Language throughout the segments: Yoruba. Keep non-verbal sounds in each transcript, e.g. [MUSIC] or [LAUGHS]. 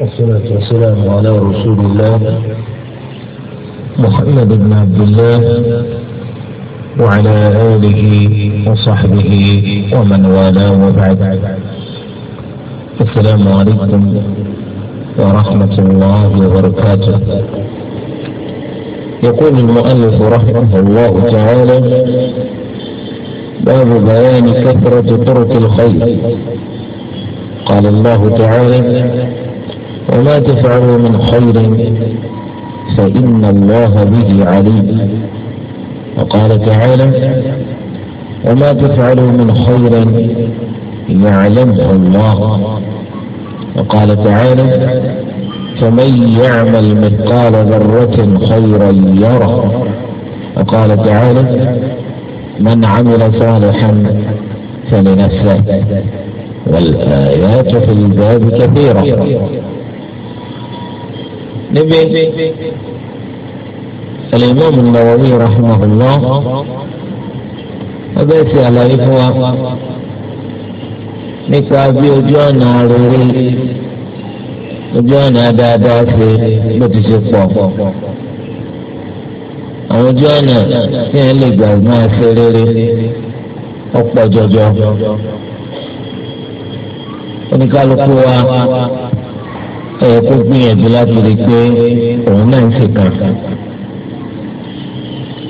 والصلاة والسلام على رسول الله محمد بن عبد الله وعلى آله وصحبه ومن والاه وبعد السلام عليكم ورحمة الله وبركاته يقول المؤلف رحمه الله تعالى باب بيان كثرة طرق الخير قال الله تعالى وما تفعلوا من خير فإن الله به عليم وقال تعالى وما تفعلوا من خير يعلمه الله وقال تعالى فمن يعمل مثقال ذرة خيرا يره وقال تعالى من عمل صالحا فلنفسه والآيات في الباب كثيرة níbi alimami nawawi rahimahullah ọbẹ̀ ti àlàyé fún wa nípa bí ojú ọ̀nà rere ojú ọ̀nà dáadáa ṣe ló ti ṣe pọ̀ àwọn ojú ọ̀nà tí ẹ̀ lè gbà máa ṣe rere ọ̀pọ̀ jọjọ oníkálukú wa. ẹ̀yẹ kó gbìyànjú láti rí i pé òun náà ń ṣe kàn.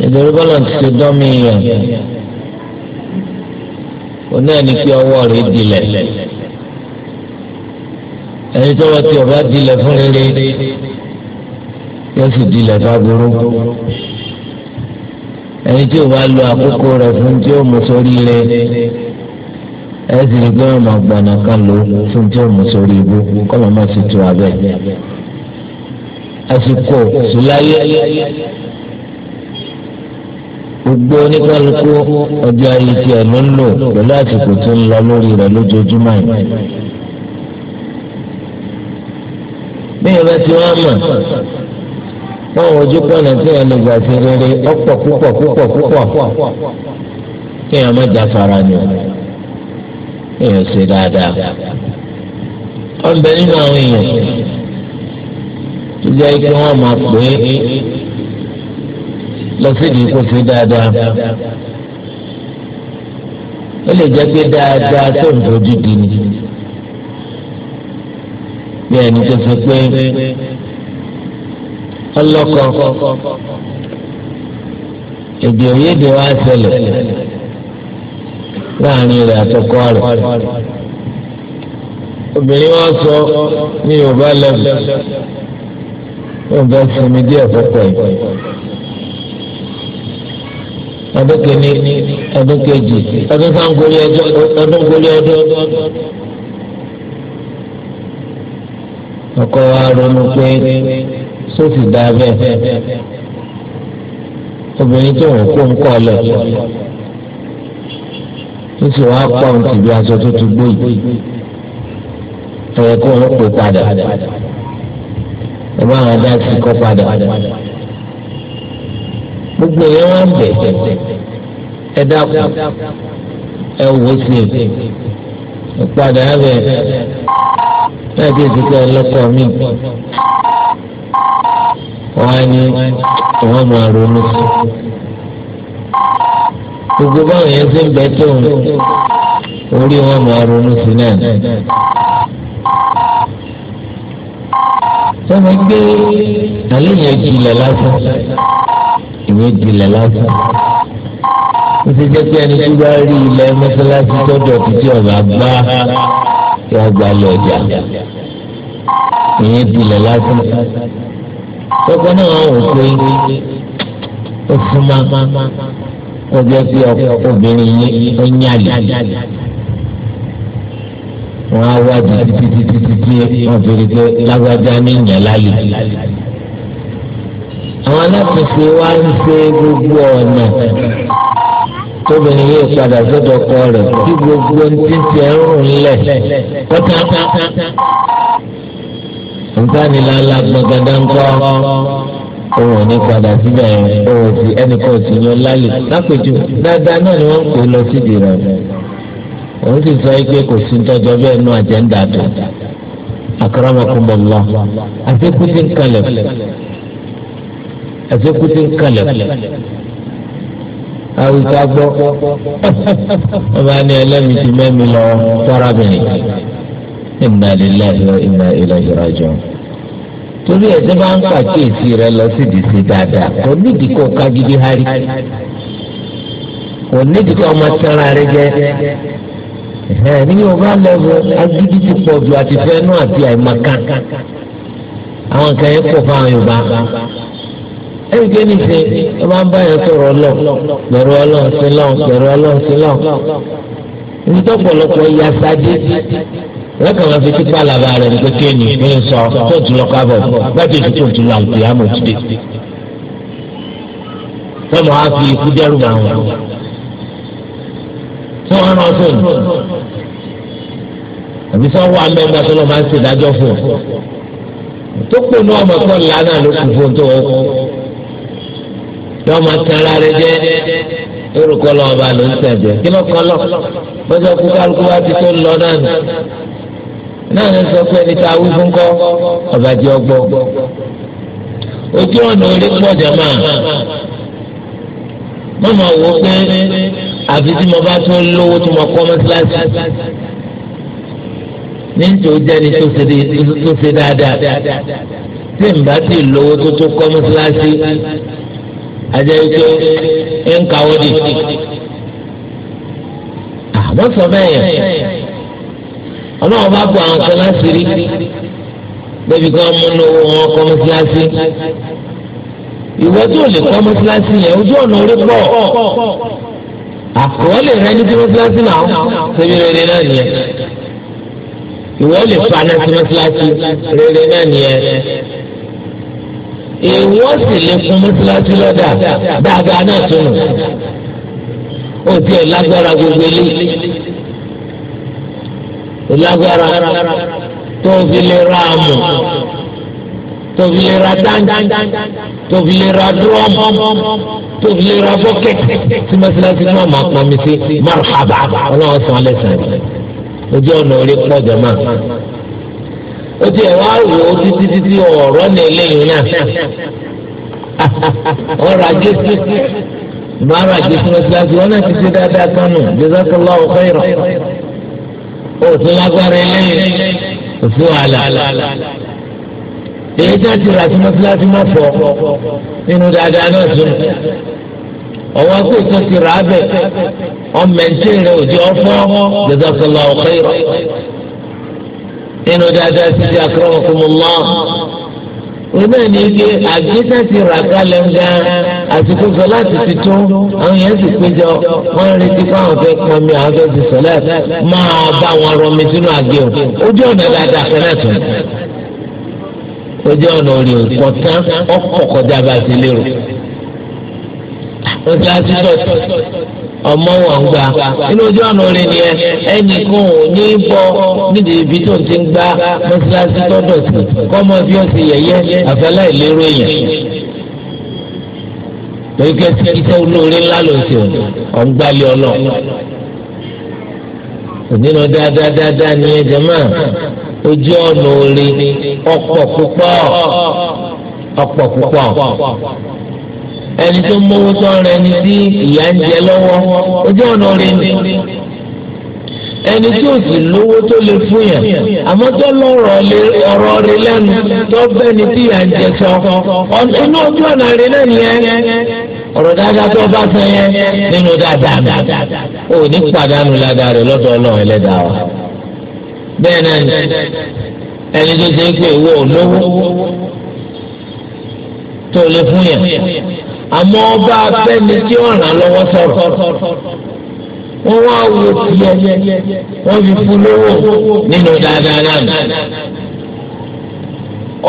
ìdúró bọ́lá ti ṣe dánmí yàn òun náà ní kí ọwọ́ rẹ̀ dilẹ̀ ẹni tó wọ́n ti ọba dilẹ̀ fún rere yóò sì dilẹ̀ fagoro ẹni tí ò bá lo àkókò rẹ̀ fún tí ó mú sórí rẹ̀. ẹ sì rí pé wọn máa gbọ̀nà kan lò fún tí ó sórí ibú kọ́ máa sì tu abẹ́. àsìkò sùláyé gbogbo oníkálukú ọjọ́ ayé ló ń lò pẹ̀lú àsìkò tó ń lọ lórí rẹ̀ lójoojúmọ́ bá ti wá mọ̀ wọn ò ojú pọ̀nà tí ẹ̀ lè gbà sí rere ọ̀pọ̀ púpọ̀ púpọ̀ èèyàn ṣe dáadáa ọbẹ̀ nínú àwọn èèyàn tó jẹ́ kí wọ́n máa pè é lọ síbi kó ṣe dáadáa ó lè jẹ́ pé dáadáa tó ń dojú di ni bí ẹni tó sọ pé ọlọ́kọ èdè òyédè wa ṣẹlẹ̀ láàrin rẹ̀ àtọkọ rẹ̀ obìnrin wọn sọ ní yorùbá lẹ́bù yóò bá sinmi díẹ̀ púpọ̀ yìí ọdún kìíní ọdún kejì ọdún sangolí ọdún ọdún golí ọdún ọkọ wa ronú pé sófì dáa obìnrin tó ń kó ń kọ́ ọ ó sì wá pa òun tìbí aṣọ tó ti gbó yìí ẹ̀yẹ kó wọn pè padà ẹ bá wọn dá sí kọ́ padà gbogbo yẹn wọn bẹ̀ ẹ dákú ẹ wò sí ẹ padà ẹ bẹ̀ náà bí ìdíkẹ́ ọlọ́kọ̀ mi wọ́n á ní wọ́n máa ronú sí i gbogbo báwọn yẹn ṣe ń bẹ tó orí wọn máa ronú sí náà. sọ́mi gbé àlẹ́ yẹn jìnlẹ̀ lásán ìwé jìnlẹ̀ lásán ó ti jẹ́ pé ẹni tí bá rí ilẹ̀ mọ́sálásí tọ́jọ́ títí ọ̀gá gbá kí wọ́n gbá lọ ọjà ìyẹn jìnlẹ̀ lásán. tọ́kọ náà wọ́n wò pé ó fún máa ó jẹ́ sí obìnrin yín ó ń yàlè wọn á wá di títí títí títí wọn fi rí pé lágbájá ní ìyẹn láyè àwọn alákòóso wa ń ṣe gbogbo ọ̀nà tóbìnrin yìí padà sọ́dọ̀ ọkọ rẹ̀ tí gbogbo ti ti ẹ̀ ń rùn lẹ̀ pátápátá nǹkan ni lálá gbọ̀ngàdá ń kọ́ òun ò ní padà síbẹ̀ yẹn òun ti ẹnìkan ò sì yan lálẹ́ lápèjú dáadáa náà ni wọ́n ń kó lọ sídìí rẹ̀ òun sì sọ pé kò sí tọ́jọ́ bẹ́ẹ̀ nú àjẹ́ńdà tó akaramakumọ̀lá àtẹ́kùtì ń kalẹ̀ àtẹ́kùtì ń kalẹ̀ àwùjọ gbọ́ ọba ní ẹlẹ́mi ti mẹ́mi lọ fọ́rábìnrin inna lillahi wa inna ilayhi raji'un torí ẹ̀ tí bá ń pàkíyèsí rẹ lọ sí ìdìsí dáadáa kò nídìí kó ká gidi hari kò nídìí kó ọmọ tẹ́ra rẹ jẹ ní yorùbá lẹ́wọ̀ agídí ti pọ̀ ju àti fẹ́nu àti àìmọ̀kan àwọn kan yẹn pọ̀ fáwọn yorùbá ẹnì kí ni ṣe ẹ máa ń bá yẹn sọ̀rọ̀ lọ pẹ̀lú ọlọ́run sílọ̀ pẹ̀lú ọlọ́run sílọ̀ ìdí tó pọ̀lọpọ̀ yasa dé wọ́n kàn máa fi tipa làbà rẹ̀ ní kékeré ní ní sọ kóòtù lọ kábọ̀ gbàtí ètò kóòtù lọ àwùjọ yà mọ̀ tìde. wọ́n máa fi ikú dẹ́rù bá wọn. tí wọ́n rán fóònù àbí sọ wọ́n amẹ́ nígbà tó lọ́ máa ń ṣèdájọ́ fóònù. tó pè ní ọmọ kan lánà ló kù fóònù tó wọ́n kú. yọ́n máa tẹ ara rẹ jẹ́ orúkọ lọ́wọ́ bá ló ń tẹ̀ jẹ́ kí lọ́kọ́ lọ bọ́sẹ̀ kú kálukú wá ti tó lọ náà náà ló sọ pé ẹni tá a wí fún kọ́ ọ̀bàjẹ́ ọgbọ́ ojú ọ̀nà orí pọ̀jà máa má máa wò pé àfi tí mo bá tún lówó tí mo kọ́ mọ́síláṣí ní nítorí jẹ́ni tó ṣe dáadáa tí n bá ti lówó tó tó kọ́ mọ́síláṣí ajẹ́ wípé ń kàwé dì. àmọ́ sọ bẹ́ẹ̀ yẹn ọlọ́run bá bu àwọn kan láti rí bẹ́ẹ̀bi kan múnú wọn kọ́ mọ́síláṣí ìwọ tí ò lè kọ́ mọ́síláṣí yẹn ojú ọ̀nà orí pọ̀ àkọọ́lẹ̀ rẹ ní tí mọ́síláṣí náà ṣẹ́bi rere náà nìyẹn ìwọ lè fa náà sí mọ́síláṣí rere náà nìyẹn ìwọ sì lè fún mọ́síláṣí lọ́dà dáadáa náà tó nù ó tiẹ̀ lágbára gbogbo eléyìí lágbára tó fi lè ra àmù tó fi lè ra dáńdá tó fi lè ra dúrọ́mù tó fi lè ra bọ́kẹ́tì tí mọ́sálásí náà máa pọ̀ mí sí marhaba ọlọ́run sàn lẹ́sàn-án ojú ọ̀nà orí pọ̀ jọ máa ó ti ẹ̀ wá wò ó títí títí ọ̀rọ̀ ní eléyìí náà ọ̀rọ̀ [LAUGHS] ajé sí ìmọ̀ ọ̀rọ̀ ajé sí wọn sí wọn náà ti ṣe dáadáa kánú jésù kọlá ọ̀kọ́ ìrọ̀ òfin lágbára eléyìí òfin wàhálà èyí tó ti rà sí mọ́tíláṣí má fọ nínú dáadáa náà sùn ọwọ́ pé tó ti rà á bẹ̀ ọmọ ẹ̀ńtí rẹ̀ òjò ọ̀fọ́ jazakallahu khairan nínú dáadáa ti di akramakumullah onáà ní ike àgbéṣẹ́ ti rà kalẹ̀ ń ga àsìkò sọláàtì ti tún àwọn yẹn sì péjọ wọ́n retí fáwọn fẹ́ pọnmi àwọn fẹ́ ti sọláàtì máa bá wọn rọmi sínú àgbẹ̀ o ojú ọ̀nà dáadáa kan náà tún ojú ọ̀nà òrì òkò tán ọkọ̀ kọjá bá ti lérò. wọ́n ti á sí bọ́ọ̀tì ọmọ wọn gbà inú ojú ọ̀nà orin ni ẹ ẹnìkan ò ní bọ nídìí ibi tó ti ń gbá mọ́sálásí tọ́dọ̀ sí kọ́mọ bí ó ti yẹ̀yẹ́ àfẹ́lá ìlérò èèyàn lórí kẹsí iṣẹ́ olóore ńlá ló ṣe òní ọ̀ngbálẹ̀ ọlọ́ onínú dáadáa ní ẹ̀jẹ̀ máa ojú ọ̀nà orin ọ̀pọ̀ púpọ̀ ọ̀pọ̀ púpọ̀ ẹni tó mówó tó ń rẹni tí ìyá ń jẹ lọ́wọ́ ojú ọ̀nà rẹ̀ ni ẹni tí ò sì lówó tó lè fún yàn àmọ́ tó lọ́rọ̀ ọ̀rọ̀ rẹ̀ lẹ́nu tó bẹ́ni tí ìyá ń jẹ sọ inú ojú ọ̀nà rẹ̀ náà nìyẹn ọ̀rọ̀ dáadáa tó bá sọ yẹn nínú dáadáa mi ò ní pàdánù ládàá rẹ̀ lọ́dọ̀ ọlọ́run ẹlẹ́dàá wa bẹ́ẹ̀ náà ni ẹni tó ṣe é pé ìwọ ò lówó tó lè fún yàn àmọ́ ọba abẹ́ni tí ó ràn lọ́wọ́ sọ̀rọ̀ wọ́n wá wo tiẹ̀ wọ́n fi fún lówó nínú dáadáa náà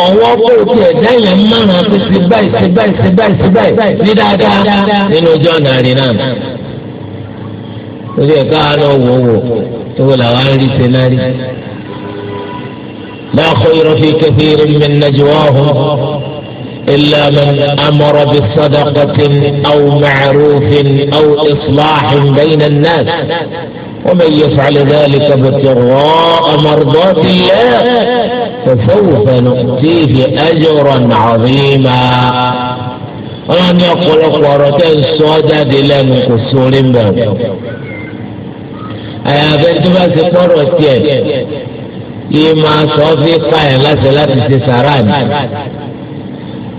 ọwọ́ kó o tiẹ̀ dáyà márùn-ún àti sí báyìí sí báyìí sí báyìí sí báyìí ní dáadáa nínú ọjọ́ nàárín náà lórí ẹ̀ka àánú wò wò owó làwọn á rí sẹ́nárì. لا خير في كثير من نجواهم إلا من أمر بصدقة أو معروف أو إصلاح بين الناس ومن يفعل ذلك ابتغاء مرضات الله فسوف نؤتيه أجرا عظيما يقول أقول قرتين صدد لن قصور بهم أيا بنت بس قرتين إما صديقة لك لا تسران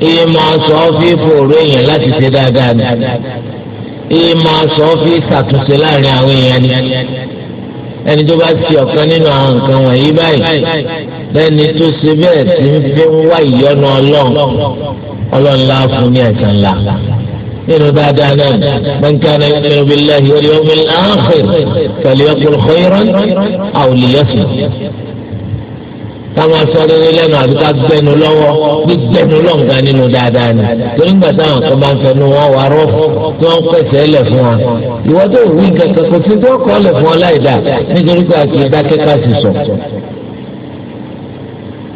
èyí máa sọ fífò òru èèyàn láti ṣe dáadáa ni èyí máa sọ fí ṣàtúnṣe láàrin àwọn èèyàn ni ẹni tó bá ṣe ọ̀kan nínú àwọn nǹkan wọ̀nyí báyìí lẹ́ni tó ṣe bẹ́ẹ̀ tí ń fi ń wá ìyọ́nú ọlọ́run ọlọ́run ńlá fún ní ẹ̀san ńlá nínú dáadáa náà man kana yu'minu billahi wal yawmil akhir falyaqul khayran aw liyasmut wọn máa sọ rere lẹ́nu àbí ká gbẹnu lọ́wọ́ gbígbẹnu lọǹgà nínú dáadáa ni torí nígbà táwọn kan bá ń fẹnu wọn wà rọfù tí wọn pèsè lẹ fún wa ìwọ tó wí kankan kò sí tó kọ lẹ fún ọ láì dá nítorí pé àti ìdákẹ́ ká sì sọ.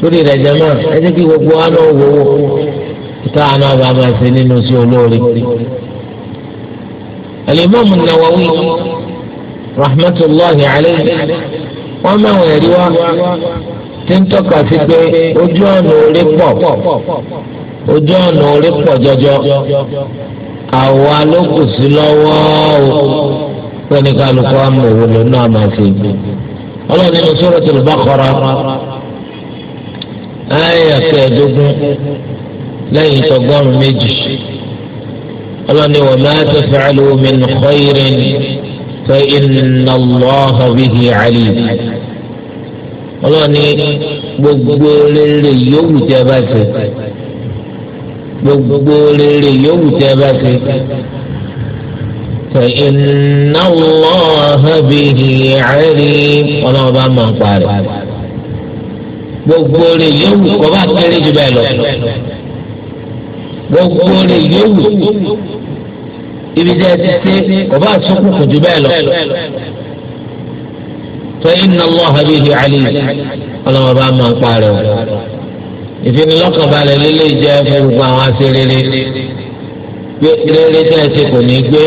torí rẹ̀ jẹ́ mọ́ ẹ jẹ́ kí gbogbo wa náà wò ó táwọn náà bá máa ṣe nínú sí olóore. الإمام النووي رحمة الله عليه وما يروى tí ń tọ́ka sí pé ojú ọ̀nà orí pọ̀ ojú ọ̀nà orí pọ̀ jọjọ àwa ló kù sí lọ́wọ́ o pẹ̀lú kálukú àmọ̀ òwò lónà àmọ̀ sí i ọlọ́run nínú Suratul Baqara ayé kẹẹ̀ẹ́dógún lẹ́yìn tọgọ́rùn méjì ọlọ́ni wa ma taf'alu min khairin fa inna Allaha bihi alim ọlọ́ni gbogbo rere yòówù tẹ́ ẹ bá ṣe gbogbo rere yòówù tẹ́ ẹ bá ṣe fa inna Allaha bihi alim ọlọ́run bá máa ń parẹ́ gbogbo rere yòówù kọ́ bá kéré jù bẹ́ẹ̀ lọ gbogbo rere yòówù ibi tẹ́ ẹ ti ṣe kọ́ bá sọ́kùnkùn jù bẹ́ẹ̀ lọ. فإن الله به عليم ọlọ́wọ́ bá máa ń parẹ́ o ìfinilọ́kànbalẹ̀ lílé jẹ́ fún gbogbo àwọn aṣèrèrè gbé rere tẹ́ ẹ ti kò ní gbé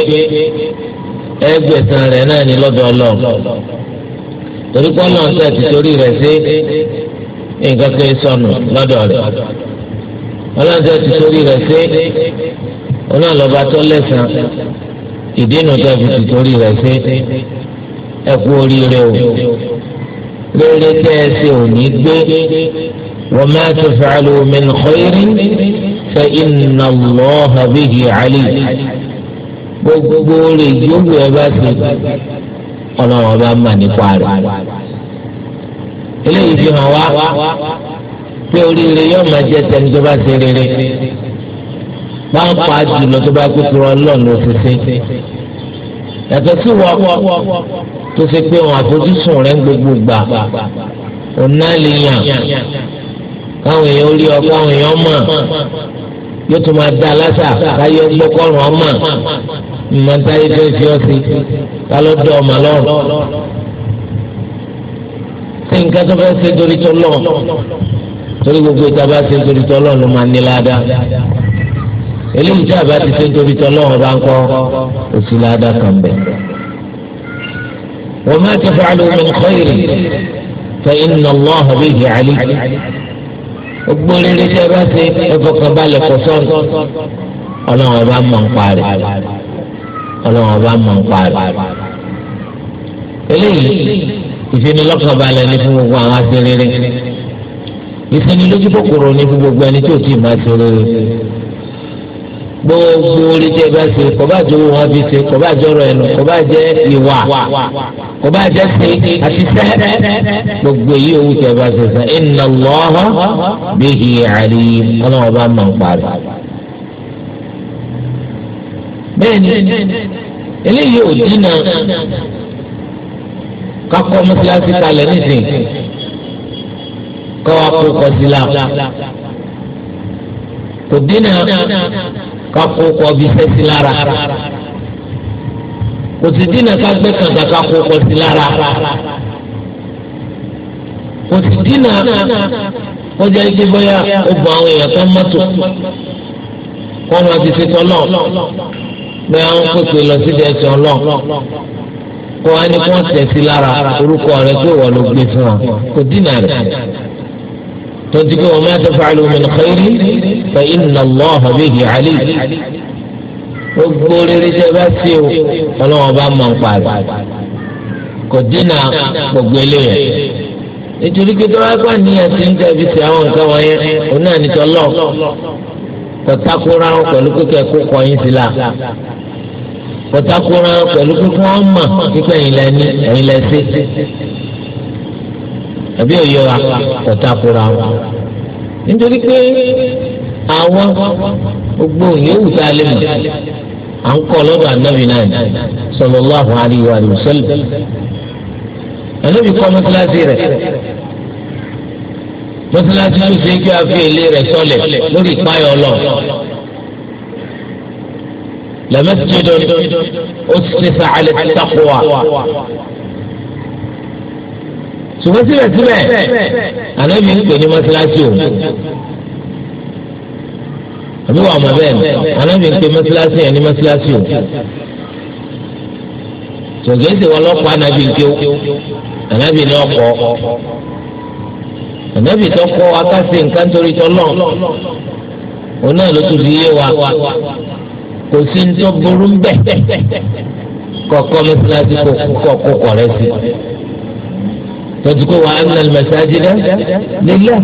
ẹgbẹ̀sán rẹ̀ náà ní lọ́dọ̀ ọlọ́ọ̀ torí pé ọlọ́ọ̀ tẹ̀ ti torí rẹ̀ sí nǹkan kan sọnù lọ́dọ̀ rẹ̀ ọlọ́ọ̀ tẹ̀ ti torí rẹ̀ sí ọlọ́ọ̀ lọ́ba tó lẹ́sàn ìdí nù tẹ̀ ti torí rẹ̀ sí ẹ kú oríire o rere tẹ́ ẹ ṣe òní gbé wọ́n máa tó fàálù min khairin fa inna Allaha bihi alim gbogbo rẹ̀ yóò ẹ bá ṣe ọlọ́run ọba mà nípa rẹ̀ eléyìí fi hàn wá pé oríire yóò máa jẹ tẹni tó bá ṣe rere pàápàá jùlọ tó bá kú tó rọ lọ́ọ̀lù òṣìṣẹ́ yàtọ̀ sí wọ́n tó ṣe pé wọn àfojúsùn rẹ̀ ń gbogbo gbà òun náà lè yàn káwọn èèyàn rí ọ káwọn èèyàn mọ̀ yóò tún máa da aláṣà káyọ gbọkọrùn ọmọ mọtàyé fẹẹ fi ọ sí ká ló dé ọmọ lọrùn tí nǹkan tó fẹẹ ṣe torí tọ lọ torí gbogbo ìta bá ṣe torí tọ lọ ló máa ní ládàá eléyìí tí a bá ti ṣe nítorí tí ọlọ́run bá ń kọ́ òsì ládàá kan bẹ̀. wọ́n máa ti fàálù min khairin fa inna Allaha bihi alim. gbogbo rere tí a bá ṣe ẹ̀fọ́kànbalẹ̀ kò sọ́n ọlọ́run bá mọ̀ ń parí ọlọ́run bá mọ̀ ń parí. eléyìí ìfinilọ́kànbalẹ̀ ní fún gbogbo àwọn aṣèrere ìfinilójú ní fún gbogbo ẹni tí ò tí ì máa ṣe rere gbogbo orí tẹ bá ṣe kò bá jọ wọn bí ṣe kò bá jọrọ ẹnu kò bá jẹ ìwà kò bá jẹ ṣe àti ṣe gbogbo èyí owó tẹ bá ṣe sàn inna Allaha bihi alim ọlọ́wọ́ bá mọ̀ ń parí. bẹ́ẹ̀ni eléyìí ò dínà kakọ mọ́sálásí kalẹ̀ nísìnyí kọ́ wa kó kọ́ sí la kò dínà wọn kó kọ bí sẹ́sí lára kò sì dínà ká gbé kàǹkà ká kó kọ sí lára kò sì dínà wọ́n jẹ́ igi bóyá ó bu àwọn èèyàn tó ń mọ́tò wọ́n máa fi ṣe tọ́lọ̀ bẹ́ẹ̀ wọ́n pèpè lọ sí ẹ̀sìn ọlọ́ọ̀ kó wá ní kí wọ́n tẹ̀sí lára orúkọ rẹ̀ tó wọ̀ ló gbé fún ọ kò dínà rẹ̀ tonti pé wama taf'alu min khairin fa inna Allaha bihi alim gbogbo rere tẹ bá sí o ọlọ́wọ́n bá mọ̀ nípa rẹ̀ kò dínà gbogbo eléyẹ̀ nítorí pé tó bá gbà ní ẹ̀sìn tẹ̀bi sí àwọn nǹkan wọ̀nyẹn òun náà ní tọ́lọ́ kọ̀tàkùrà pẹ̀lú kíkẹ́ kó kọyìn sí la kọ̀tàkùrà pẹ̀lú kíkọ́ ọmọ kíkọ́ ẹ̀yìn lẹ́ni ẹ̀yìn lẹ́sẹ̀ àbí òye wa kò takora wọn. nítorí pé àwọn gbogbo yòówù tá a lè mọ̀ à ń kọ́ lọ́dọ̀ ànábì náà ni sallallahu alaihi wa sallam. ànábì kọ́ mọ́tíláṣí rẹ̀ mọ́tíláṣí ló ṣe kí a fi èlé rẹ̀ sọlẹ̀ lórí ìpáyọ̀ ọlọ́run. لمسجد أسس على التقوى ṣùgbọ́n síbẹ̀síbẹ̀ ànábì ń pè ní mọ́sálásí òun àbí wà mọ̀ bẹ́ẹ̀ ànábì ń pè mọ́sálásí yẹn ní mọ́sálásí òun ṣògbé ṣe wọn lọ́pọ̀ ànábì ń kéw ànábì náà kọ́ ànábì tó kọ́ akásí nǹkan torí tọ́lọ́ òun náà ló tún fi yé wa kò sí ní tó burú ń bẹ̀ kọ̀ọ̀kan mọ́sálásí kò kọ̀ọ̀kọ̀ rẹ̀ sí i wọ́n ti kó wa anna al-masajida lillah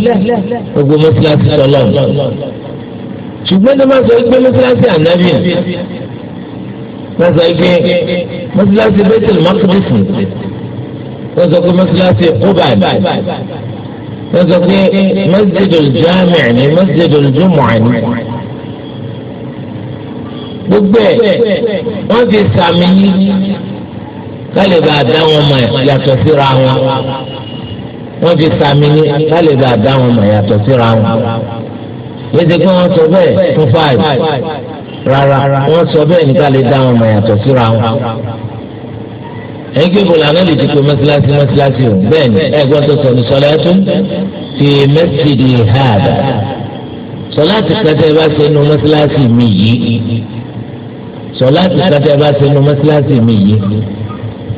gbogbo mọ́sálásí sọlọ́ ṣùgbọ́n tó máa sọ pé mọ́sálásí ànábì wọ́n sọ pé mọ́sálásí Baitul Maqdis wọ́n sọ pé mọ́sálásí Quba wọ́n sọ pé masjidul jami' ni masjidul jumu'ah ni gbogbo ẹ̀ wọ́n ti sàmì yìí kálí bá a dá yàtọ̀ síra wọn wọ́n fi sàmì ní lálẹ́ bá dá wọn mọ̀ yàtọ̀ síra wọn. Yéèdè kí wọ́n sọ bẹ́ẹ̀ fún fáìlì rárá wọ́n sọ bẹ́ẹ̀ nípa lè dá wọn mọ̀ yàtọ̀ síra wọn. Ẹyin kí bọ̀lá náà lè ti pe mọ́sálásí mọ́sálásí o bẹ́ẹ̀ ni ẹ̀gbọ́n tó sọ ní sọlá ẹ̀tún fi mẹ́sìdì hàdà. Sọlá ti kẹ́tẹ́ bá ṣe nu mọ́sálásí mi yìí. Sọlá ti kẹ́tẹ́ bá ṣe nu mọ́sálásí mi yìí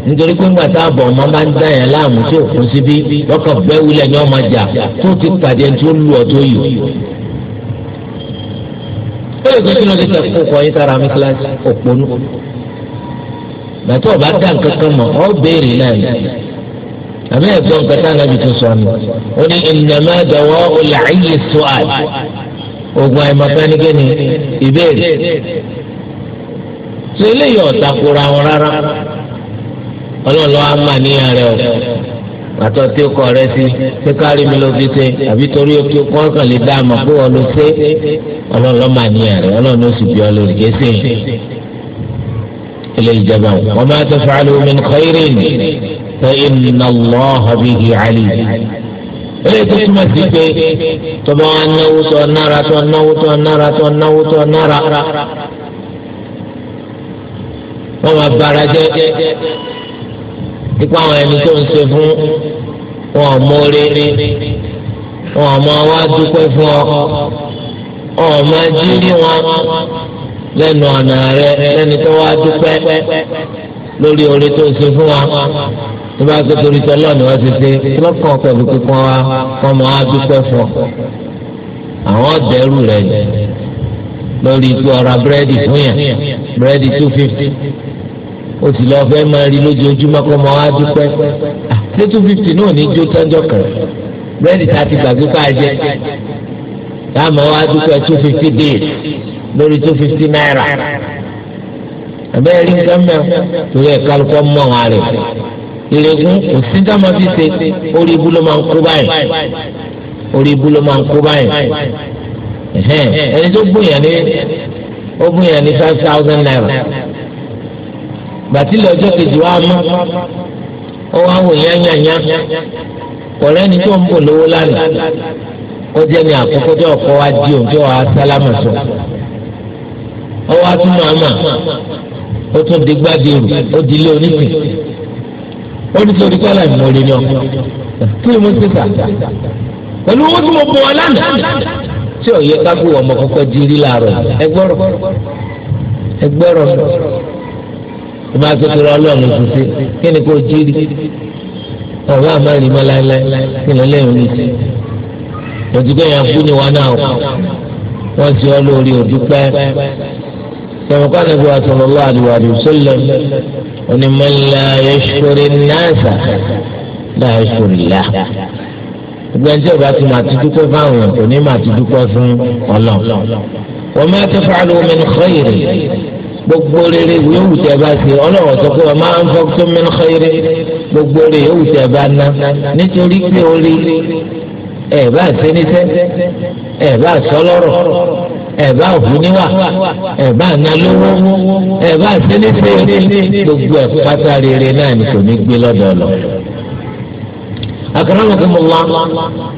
nítorí pé ńgbà tá a bọ̀ ọmọ máa ń dá yẹn láàmú tó kún síbí lọ́kàn bẹ́ẹ̀ wúlẹ̀ ni ọmọ jà tó ti pàdé tó lù ọ́ tó yò. ó lè gbé sínú ìṣẹ́ fún ọkọ̀ yín sára mi kíláàsì òpónú. bàtí ọba dá nǹkan mọ̀ ọ́ béèrè náà ni. àmì ẹ̀gbọ́n nǹkan tá tó sọ ni. ó ní ìnàmẹ́ dọ̀wọ́ olàyè tó àdì. oògùn àìmọ̀kánikẹ́ ìbéèrè. sọ eléyìí ọ̀tàkùrọ̀ ọlọ́run lọ́wọ́ á mà níyàn rẹ o àtọ́ tí o kọ rẹ sí ṣé kárí mi ló fi ṣe àbí torí o kí o kọ́ kàn lè dá àmọ́ pé wọ́n ló ṣe ọlọ́run lọ́wọ́ mà níyàn rẹ ó sì bí ọ lórí kéṣe ilé ìjọba wọn máa tẹ fàálù min khairin fa inna Allaha bihi alim eléyìí tó túmọ̀ sí pé tọmọ anáwó tó nára tó náwó tó nára tó náwó tó nára wọn máa bára jẹ ipa àwọn ẹni tó ń ṣe fún wọn ò mọ rere wọn ò mọ wá dúpẹ́ fún ọ wọn ò mọ jírí wọn lẹ́nu ọ̀nà rẹ lẹ́ni tó wá dúpẹ́ lórí oore tó ṣe fún wa tó bá gbé torí tọ́lọ́ ni wọ́n ti ṣe kí lọ́kàn pẹ̀lú pípọ́n wa wọ́n mọ wá dúpẹ́ fún ọ àwọn ọ̀dẹ́rù rẹ̀ lórí ikú ọ̀ra búrẹ́dì fún yẹn búrẹ́dì two fifty o sì lọ fẹ́ máa rí lójoojúmọ́ kó mọ wá dúpẹ́ ṣé ah, two fifty náà ní jó tọ́jọ́ kan bẹ́ẹ̀ni tá a ti gbàgbé bá a jẹ táàmù wá dúpẹ́ two fifty days lórí two fifty naira abẹ́rẹ́ nǹkan mẹ́rin torí ẹ̀ kálukọ́ mọ̀ wọn rẹ̀ ìrègùn kò sí dáma fi ṣe orí ibú ló máa ń kó báyìí orí ibú ló máa ń kó báyìí ẹni tó gbóyàn ó gbóyàn five thousand naira. gbàtílẹ̀ ọjọ́ kejì wa mọ́ ó wá wò yányányá ọ̀rẹ́ ni tó ń bò lówó lánàá ó jẹ́ ní àkókò ọ̀kọ́ wa di òun tó wà sálámà sọ ọ wá tún màmá ó tún di ó di ilé ó ní tí mo bọ̀ wá lánàá tí ò yẹ ká o máa tó tóra ọlọ́run oṣù sí kí ni kò jí rí ọ̀rọ̀ àmàlì mọ́ láéláé kí ni lẹ́yìn ní ti òdìgbò yẹn kú ni wọn náà o wọ́n ti ọ lórí òdúpẹ́ sọ̀rọ̀kọ́ ànábi wa sọ̀rọ̀ lọ́wọ́ àdìwà àdìwà sọ́lẹ̀ onímọ̀lá yẹ́sọ̀rẹ́ náàsà náà yẹ́sọ̀rẹ́ là gbẹ̀ǹjẹ́ ọba ti máa ti dúpẹ́ fáwọn òní máa ti dúpẹ́ fún ọlọ́run wọ́n máa ti fàlùmí nìkọ́ yìí rẹ̀ gbogbo rere yòówù tẹ bá ṣe ọlọ́wọ́ sọ pé wa ma anfaqtum min khairin gbogbo rere yòówù tẹ bá ná nítorí pé orí ẹ̀ bá ṣe níṣẹ́ ẹ̀ bá sọ lọ́rọ̀ ẹ̀ bá hù níwà ẹ̀ bá ná lówó ẹ̀ bá ṣe níṣẹ́ gbogbo ẹ̀ pátá rere náà ni kò ní gbé lọ́dọ̀ lọ. akramakumullah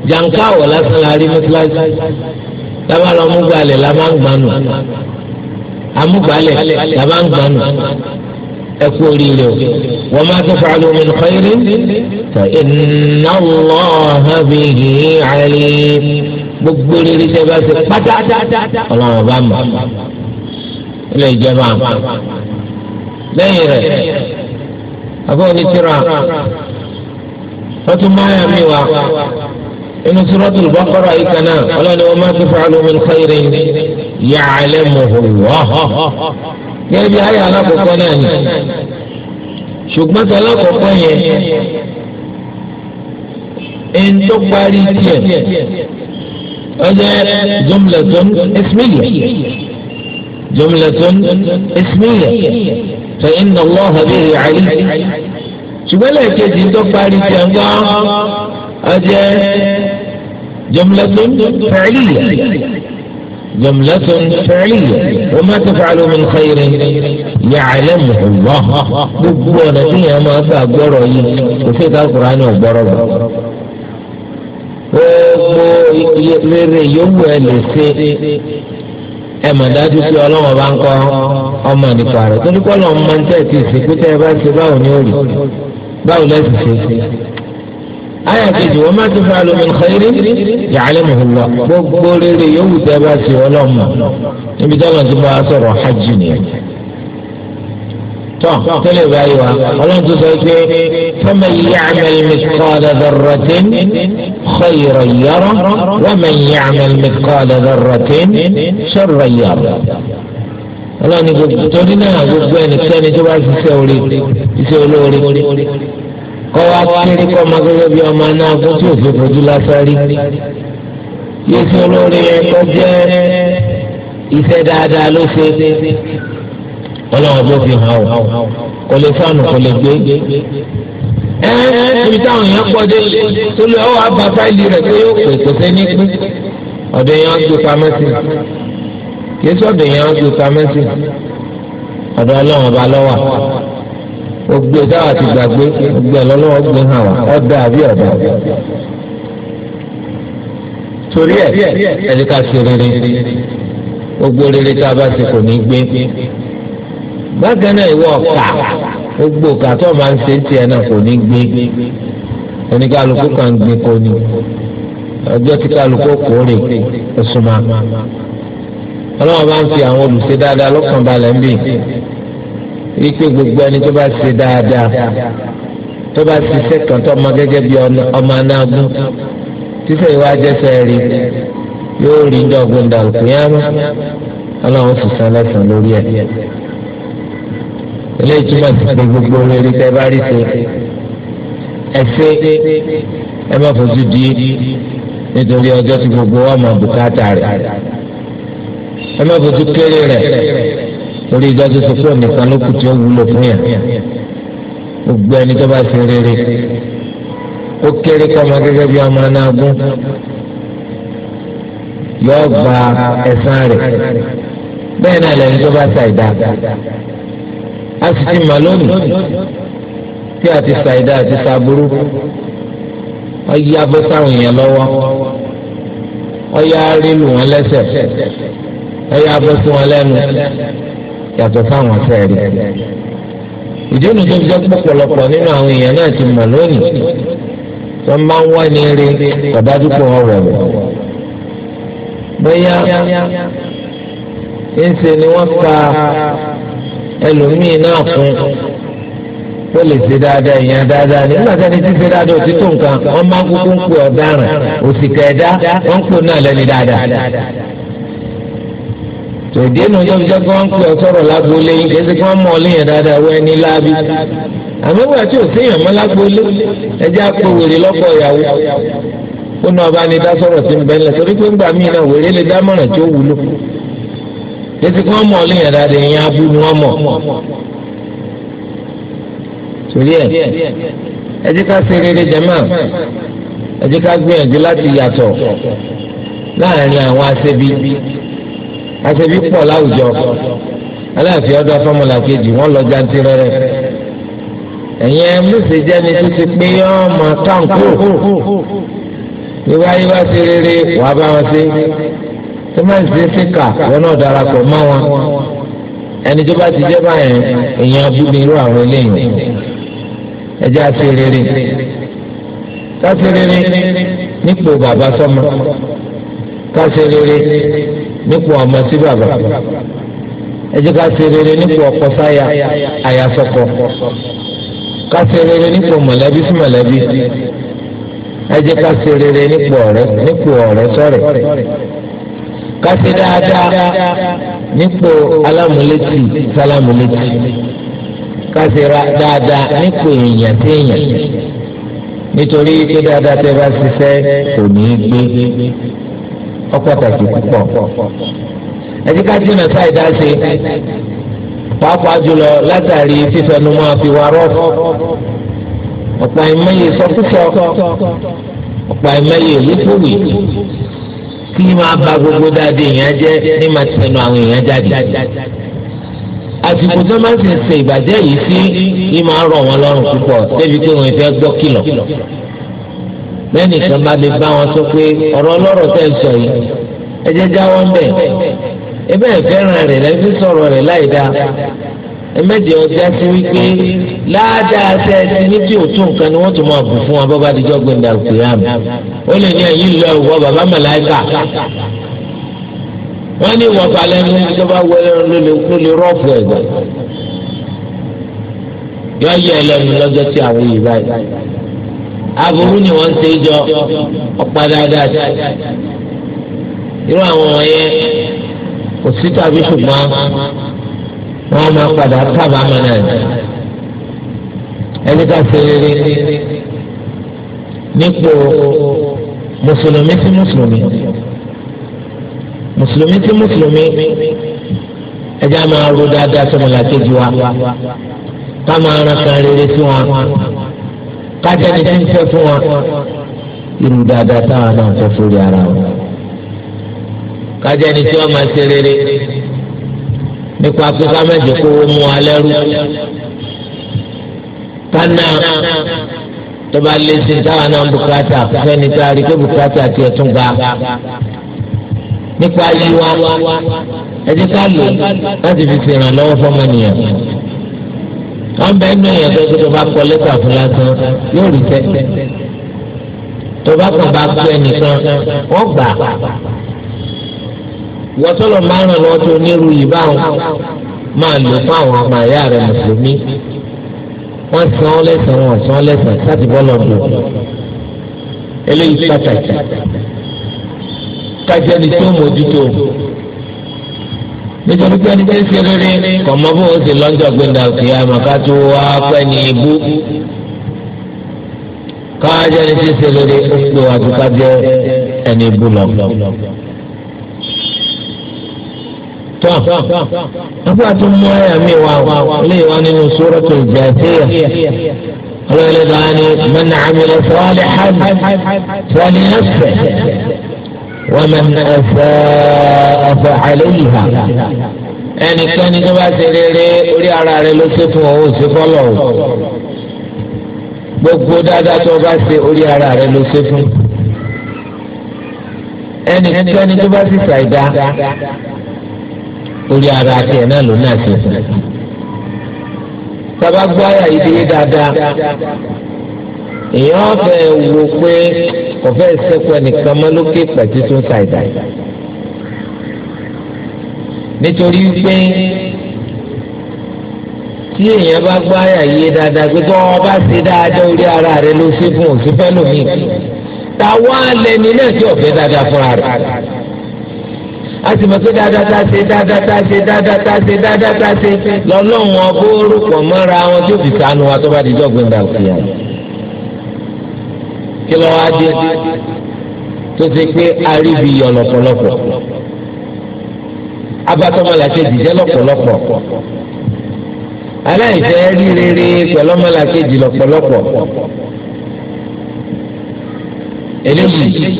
jàǹkáwọ̀ lásán la rí mọ́tíláṣí lábàlọ́mú gbalẹ̀ la máa ń amúgbálẹ̀ làbá ń gbanù ẹ kú oríire o wa ma taf'alu min khairin fa inna Allaha bihi alim gbogbo rere tẹ bá ṣe pátá ọlọ́run bá mọ̀ ilé ìjọba lẹ́yìn rẹ̀ àbọ̀ onítìrà wọ́n tún máa yà mí wá. إن سورة البقرة أي كنا قال وما تفعلوا من خير يعلمه الله قال لي يعني هيا لك كناني شوك ما تلاك كناني إن تقبالي كيان هذا جملة اسمية جملة اسمية فإن الله به عليم شوك ما لك يجي أجل جملة فعلية جملة فعلية وما تفعل من خير يعلمه الله gbogbo ọ̀nà tí yẹn máa gbà gbọ́rọ̀ yìí kò sí ká Kùránì ọ̀gbọ́rọ̀ bọ̀. gbogbo rere yòówù ẹ lè ṣe ẹ mọ̀ dájú ọlọ́wọ́n bá ń kọ́ ọmọ nípa rẹ̀ tó ní kọ́ lọ́n máa ń tẹ̀ tí tẹ́ ẹ bá ṣe báwo ni ó rí báwo lẹ́sìn ṣe ṣe ayé kejì wọn máa ti fa lómi xeyiri yàrá mùhùnmá gbogbo rere yòówù tẹ bá ti wọn lọmọ níbi tí wọn ti bá a sọ̀rọ̀ hajj nìyẹn. tọ́ tẹ́lẹ̀ báyìí wa ọlọ́run tó sọ pé fẹ́mi yàmẹ́lì mẹ́kọ́lá dọ̀rọ̀tìn xeyìrọ̀ yọrọ̀ wẹ́mi yàmẹ́lì mẹ́kọ́lá dọ̀rọ̀tìn sọ̀rọ̀ yọrọ̀. ọlọ́run ní gbogbo torí náà gbogbo ẹnikẹ́ni tó bá ti sẹ́ kọ́ wa kéré kọ́ ọmọ gẹ́gẹ́ bí ọmọ náà fún tí òfin fojú lásán rí yóò fi olóore yẹn kọ́ jẹ́ iṣẹ́ dáadáa ló ṣe ọlọ́run ọjọ́ fi hàn ọ́ kò lè fáànù kò lè gbé ẹ ibi táwọn èèyàn pọ̀ dé tó lè ọwọ́ àbá fáìlì rẹ̀ tó yóò pè kò sẹ́ni pín ọ̀dọ̀ èèyàn gbé pamẹ́ sí kí sọ̀dọ̀ èèyàn gbé pamẹ́ sí ọ̀dọ̀ ọlọ́run ọba lọ́wọ́. ogbe táwọn ti gbàgbé ogbe ọlọ́lọ́wọ́ gbé hàn wá ọ̀dà àbí ọ̀dà. torí ẹ ẹni ká ṣe rere gbogbo rere tá a bá ṣe kò ní gbé bákan náà ìwọ ọ̀ka gbogbo ọ̀ka tó máa ń ṣe ń tiẹ̀ náà kò ní gbé fi àwọn olùṣe dáadáa ń wípé gbogbo ẹni tó bá ṣe dáadáa tó bá ṣiṣẹ́ kan tó ọmọ gẹ́gẹ́ bí ọmọ anágún tíṣe ìwádìí ẹsẹ̀ rí yóò rí dọ́gbọ́n dàlùkúnyámá ọlọ́run sì san lẹ́sàn lórí ẹ̀. ilé ìtumọ̀ ti pé gbogbo rere tẹ́ bá rí ṣe ẹsẹ̀ ẹ má fojú di nítorí ọjọ́ tí gbogbo wa máa bùkátà rẹ̀ ẹ má fojú kéré rẹ̀ torí ìdájọ́ sọ pé ọ̀nìkan ló kù tí ó wúlò fún yàn gbogbo ẹni tó bá ṣe rere ó kéré kọ́mọ gẹ́gẹ́ bí ọmọ anágún yóò gba ẹ̀san rẹ̀ bẹ́ẹ̀ náà lẹ́ni tó bá ṣe àìdá a sì ti mà lónìí tí a ti ṣe àìdá àti ṣàbúrú ọyí abọ́ sáwọn èèyàn lọ́wọ́ ọyá rí lù lẹ́sẹ̀ ọyá abọ́ wọn lẹ́nu yàtọ̀ fáwọn afẹ́ rẹ̀ ìdí ònà tó fi jẹ́ pọ̀pọ̀lọpọ̀ nínú àwọn èèyàn náà ti mọ̀ lónìí wọ́n máa ń wá ní eré ọ̀dájú pọ̀ ọ̀rọ̀ rẹ̀ bóyá ńṣe ni wọ́n pa ẹlòmíín náà fún ó lè ṣe dáadáa ìyẹn dáadáa nígbà tẹ́ni tí ṣe dáadáa òtí tó nǹkan wọ́n máa ń kúkú ń pè ọ̀daràn òsìkà ẹ̀dá wọ́n ń pè náà lẹ́ni dáadáa tòdí ẹnu ọjọ́ ìjọ kí wọ́n ń pè ọ sọ̀rọ̀ lágboolé yín kí ẹ ti kí wọ́n mọ ọ léyìn dáadáa wọ ẹni láabi àmọ́ wà tí ò séèyàn mọ́ lágboolé ẹjẹ́ àpò wèrè lọ́kọ̀ ìyàwó ó náà bá ní dásọ̀rọ̀ sí nbẹ́lẹ̀ torí pé ńgbà míì náà wèrè lè dámọ̀ràn tí ó wúlò kí ẹ ti kí wọ́n mọ ọ léyìn dáadáa ìyẹn abú ni wọ́n mọ̀ torí ẹ ẹ jẹ́ ká ṣe rere jẹ́mọ́ ẹ jẹ́ ká gbìyànjú láti yàtọ̀ láàrin àwọn aṣebi aṣebi pọ̀ láwùjọ aláàfin ọdọ fọmọlà kejì wọn lọ jantí rẹrẹ ẹ̀yin ẹ múṣe jẹ́ni tó ti pé ọmọ táǹkù ìwáyé wá sí rere wàá bá wọn sí tó máa ń ṣe fíkà wọn náà darapọ̀ mọ́ wọn ẹni tó bá ti jẹ́ báyẹn èèyàn abú ni irú àwọn eléyìí ẹjẹ́ àti rere káṣí rere nípò bàbá sọ́mọ káṣí rere nípò ọmọ sí bàbá ẹ jẹ́ ká ṣe rere nípò ọkọ sáya àyàsọkọ ká ṣe rere nípò mọ̀lẹ́bí sí mọ̀lẹ́bí ẹ jẹ́ ká ṣe rere nípò ọ̀rẹ́ nípò ọ̀rẹ́ sọ̀rẹ́ ká ṣe dáadáa nípò alámúlétì sálámúlétì ká ṣe dáadáa nípò èèyàn sí èèyàn nítorí pé dáadáa tẹ́ bá ṣiṣẹ́ kò ní í gbé ọpọtàkì púpọ̀ ẹdíkájú náà sáìdá ṣe pàápàá jùlọ látàrí fífẹnumọ́ àfiwárọ ọ̀pọ̀ àìmọye sọkúsọ ọ̀pọ̀ àìmọye ìlúkúwì kí máa ba gbogbo dáadé èèyàn jẹ́ ní máa tẹnu àwọn èèyàn jáde àsìkò tó máa ń ṣe ìbàjẹ́ yìí sí ní máa ń rọ̀ wọ́n lọ́rùn púpọ̀ débi pé wọ́n fẹ́ gbọ́ kìlọ̀ bẹ́ẹ̀ni kan bá lè bá wọn sọ pé ọ̀rọ̀ ọlọ́rọ̀ tẹ́ ẹ sọ yìí ẹ jẹ́ jáwọ́ ń bẹ̀ ebe ẹ̀fẹ́ràn rẹ̀ lẹ́fí sọ̀rọ̀ rẹ̀ láì dáa ẹ̀mẹ́jẹ ọjà sí wípé ládàá tẹ́ ẹ ti ní tí ò tún nǹkan ni wọ́n tún máa bù fún wọn bọ́ba àdìjọ́ gbẹ̀ndà òkèèyàn ó lè ní ẹ̀yìn lọ ìwọ bàbá màláìkà wọ́n ní ìwọ balẹ̀ ní ìjọba wọlé aburú ni wọ́n ń ṣe jọ ọ̀pá dáadáa irú àwọn wọ̀nyẹn kò sí tàbí ṣùgbọ́n wọ́n máa padà sábà máa nà ẹni ká ṣe rere nípò mùsùlùmí sí mùsùlùmí mùsùlùmí sí mùsùlùmí ẹjẹ máa ro dáadáa sọmọlá kejì wa ká máa rán kan rere sí wọn kájẹ́ ni tí ń fẹ́ fún wa irú dáadáa táwọn náà fẹ́ fúri ara wa kájẹ́ ni tí wọ́n máa ṣe rere nípa pé ká má jẹ́ kó wọ́n mú wa lẹ́rú kánà tó bá lé sí táwọn náà bùkátà fẹ́ni tá a rí pé bùkátà tiẹ̀ tún ga nípa yíwa ẹ ká lò láti fi ṣèrànlọ́wọ́ fọ́mọnìyàn wọn bẹ nínú èèyàn tó kí tó bá kọ lẹ́tà fún lásán yóò rí tẹ́ tó bá kàn bá gbé ẹnìkan wọ́n gbà wọ́tọ́lọ̀ márùn-ún lọ́wọ́ tó onírú yìí báwọn máa lò fún àwọn ọmọ ẹ̀yà rẹ̀ mùsùlùmí wọ́n san ọ́ lẹ́sàn-án wọ́n san ọ́ láti bọ́ lọ́dún eléyìí pàtàkì kájẹ́ni tó mójútó nítorí pé ẹni bẹ́ẹ̀ ṣe rere kọ̀ mọ́ bó o sì lọ́jọ́ gbẹ̀dà òkè àmọ̀ká tó wá pẹ́ ní ibú. káwájẹ́ ni ṣe ṣe rere ó pé àtúkà jẹ́ ẹni ibú lọ. tọ́ nígbà tó mú ẹ̀yà mi wá lè wá nínú suratul Jathiyah. ọlọ́ọ̀lẹ́dàá ni man amila salihan falinafsihi. ومن أساء فعليها ẹnikẹ́ni tó bá ṣe rere orí ara rẹ ló ṣe fún ọwọ́ ṣe fọ́lọ̀ o gbogbo dáadáa tó bá ṣe orí ara rẹ ló ṣe fún ẹnikẹ́ni tó bá sì ṣàìdá orí ara tiẹ̀ náà ló náà ṣe fún sábà gbọ́ àyà ìdíyé dáadáa èèyàn bẹ̀ wò pé ọ̀fẹ́ ìsẹ́kọ̀ ẹnìkan mọ́ lókè pẹ̀tí tó ta ìdá nítorí pé tí èèyàn bá gbọ́ àyà yé dáadáa pé tó ọba ṣe dáadáa orí ara rẹ ló ṣe fún òsì fẹ́lòmíì ta wá lẹni náà tí ọ̀fẹ́ dáadáa fúnra rẹ̀ a sì mọ̀ pé dáadáa tá a ṣe dáadáa tá a ṣe dáadáa tá a ṣe dáadáa tá a ṣe lọ́lọ́run ọgbó orúkọ mọ́ra wọn tó fi sànù wa tó bá di jọ́gbìn dàgbìyàn kí ló wá dé tó ṣe pé aríbi yọ lọ́pọ̀lọpọ̀ abatọmọlàṣẹ dìjẹ lọ́pọ̀lọpọ̀ aláìsẹ rí rere pẹlọmọlàṣẹ dì lọ́pọ̀lọpọ̀ eléyìí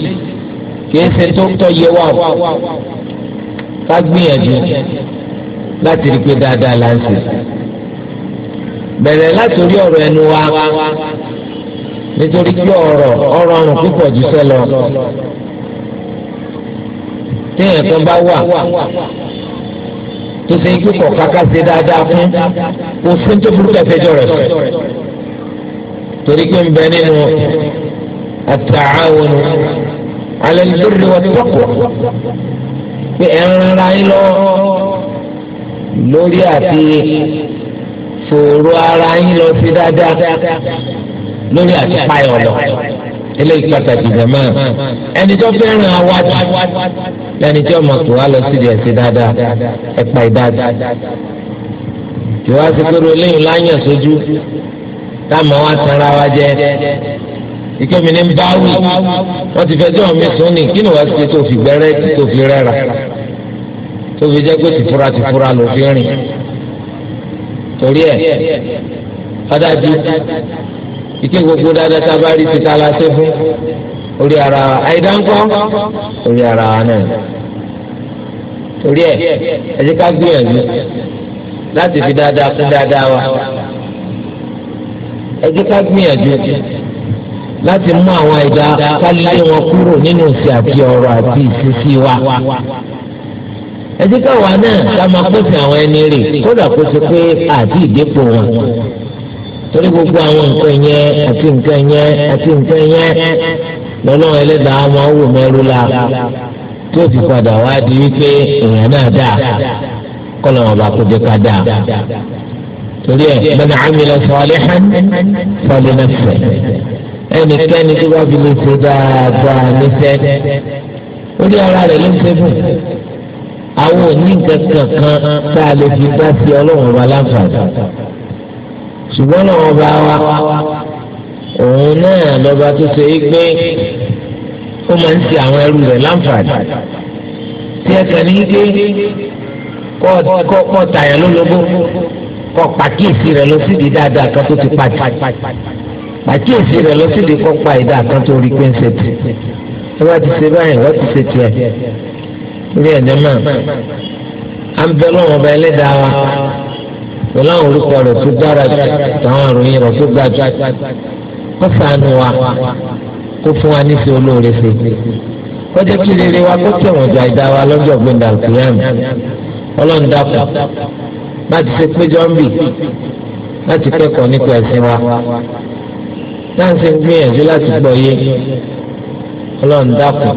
kìí ṣe tó tọ́ yẹ wá o ká gbìyànjú láti rí pé dáadáa là ń ṣe bẹ̀rẹ̀ láti orí ọ̀rọ̀ ẹnu wa nítorí kí ọ̀rọ̀ ọ̀rọ̀ ọ̀rùn púpọ̀ jù sẹ́ lọ. téèyàn kan bá wà tó ṣe ń kíkọ̀ káká ṣe dáadáa fún òfin tó burúkú ẹ̀fẹ́jọ́ rẹ̀ sọ. torí pé ń bẹ nínú àtàwọn alẹ́ nítorí wọn tọ́kọ̀ pé ẹ̀ ń rárá yín lọ lórí àti fòrò ara yín lọ sí dáadáa lórí àti páyọ̀ lọ eléyìí pàtàkì jàmá ẹni tó fẹ́ràn awájú lẹni tí ọmọ tó wá lọ sí ìdí ẹ̀sìn dáadáa ẹ̀pà ìdáadáa ìwà ti kúrò lẹ́yìn láyàn sójú táwọn wa tanra wa jẹ ike mi ní ń bá wí wọ́n ti fẹjọ́ mi sùn ní kí ni wọ́n ti tó fi gbẹ́rẹ́ tó fi rẹ́ra tó fi jẹ́ pé tìfura tìfura ló fi rìn torí ẹ̀ ọ̀dájú ìkí gbogbo dáadáa tá a bá rí títa la ṣe fún orí ara àìdá ń kọ́ orí ara wa náà torí ẹ ẹ jẹ́ ká gbìyànjú láti fi dáadáa kún dáadáa wa ẹ jẹ́ ká gbìyànjú láti mú àwọn ẹ̀dá kálílé wọn kúrò nínú òsì àti ọ̀rọ̀ àti ìṣesí wa ẹ jẹ́ ká wà náà ká máa pèsè àwọn ẹni rè kódà kó ṣe pé àti ìdépò wọn torí gbogbo àwọn nǹkan yẹn àti nǹkan yẹn àti nǹkan yẹn lọ́lọ́run ẹlẹ́dàá máa ń wò mẹ́rú la tí ó fi padà wá di wípé èèyàn náà dà kọ́lọ̀ wọn bá kó jẹ́ ká dà torí ẹ̀ mẹ́ta amílẹ̀ salihan falinafsihi ẹnikẹ́ni tó bá fi lè ṣe dáadáa níṣẹ́ ó ní ara rẹ̀ ló ń ṣe àwọn òní nǹkan kankan tá a lè fi dá sí ọlọ́run wa láǹfààní ṣùgbọ́n náà wọ́n bá wa òun náà lọ́ba tó ṣe é gbé ó máa ń ṣe àwọn ẹrú rẹ̀ láǹfààní tí ẹ kàn ní gbé kọ́ kọ́ tàyà lólobó kọ́ pàkíyèsí rẹ̀ lọ sídìí dáadáa kan tó ti pàdé pàkíyèsí rẹ̀ lọ sídìí kọ́ pa ìdá kan tó rí pé ń ṣe tì ẹ bá ti ṣe báyìí wọ́n ti ṣe tiẹ̀ rí ẹ̀ ní mọ́ à ń bẹ lọ́wọ́ ọba ẹlẹ́dàá wa pẹ̀lú àwọn orúkọ rẹ̀ tó dára jù àtàwọn àròyìn rẹ̀ tó ga jù wọ́n sànù wa kó fún wa ní sí olóore ṣe wọ́n jẹ́ kí rere wa kó tẹ̀wọ̀n ju àìdá wa lọ́jọ́ gbẹ̀ndà kìíyàmù ọlọ́run dàpọ̀ láti ṣe péjọ ń bì láti kẹ́kọ̀ọ́ nípa ẹ̀sìn wa náà ń ṣe ń gbìyànjú láti gbọ́ yé ọlọ́run dàpọ̀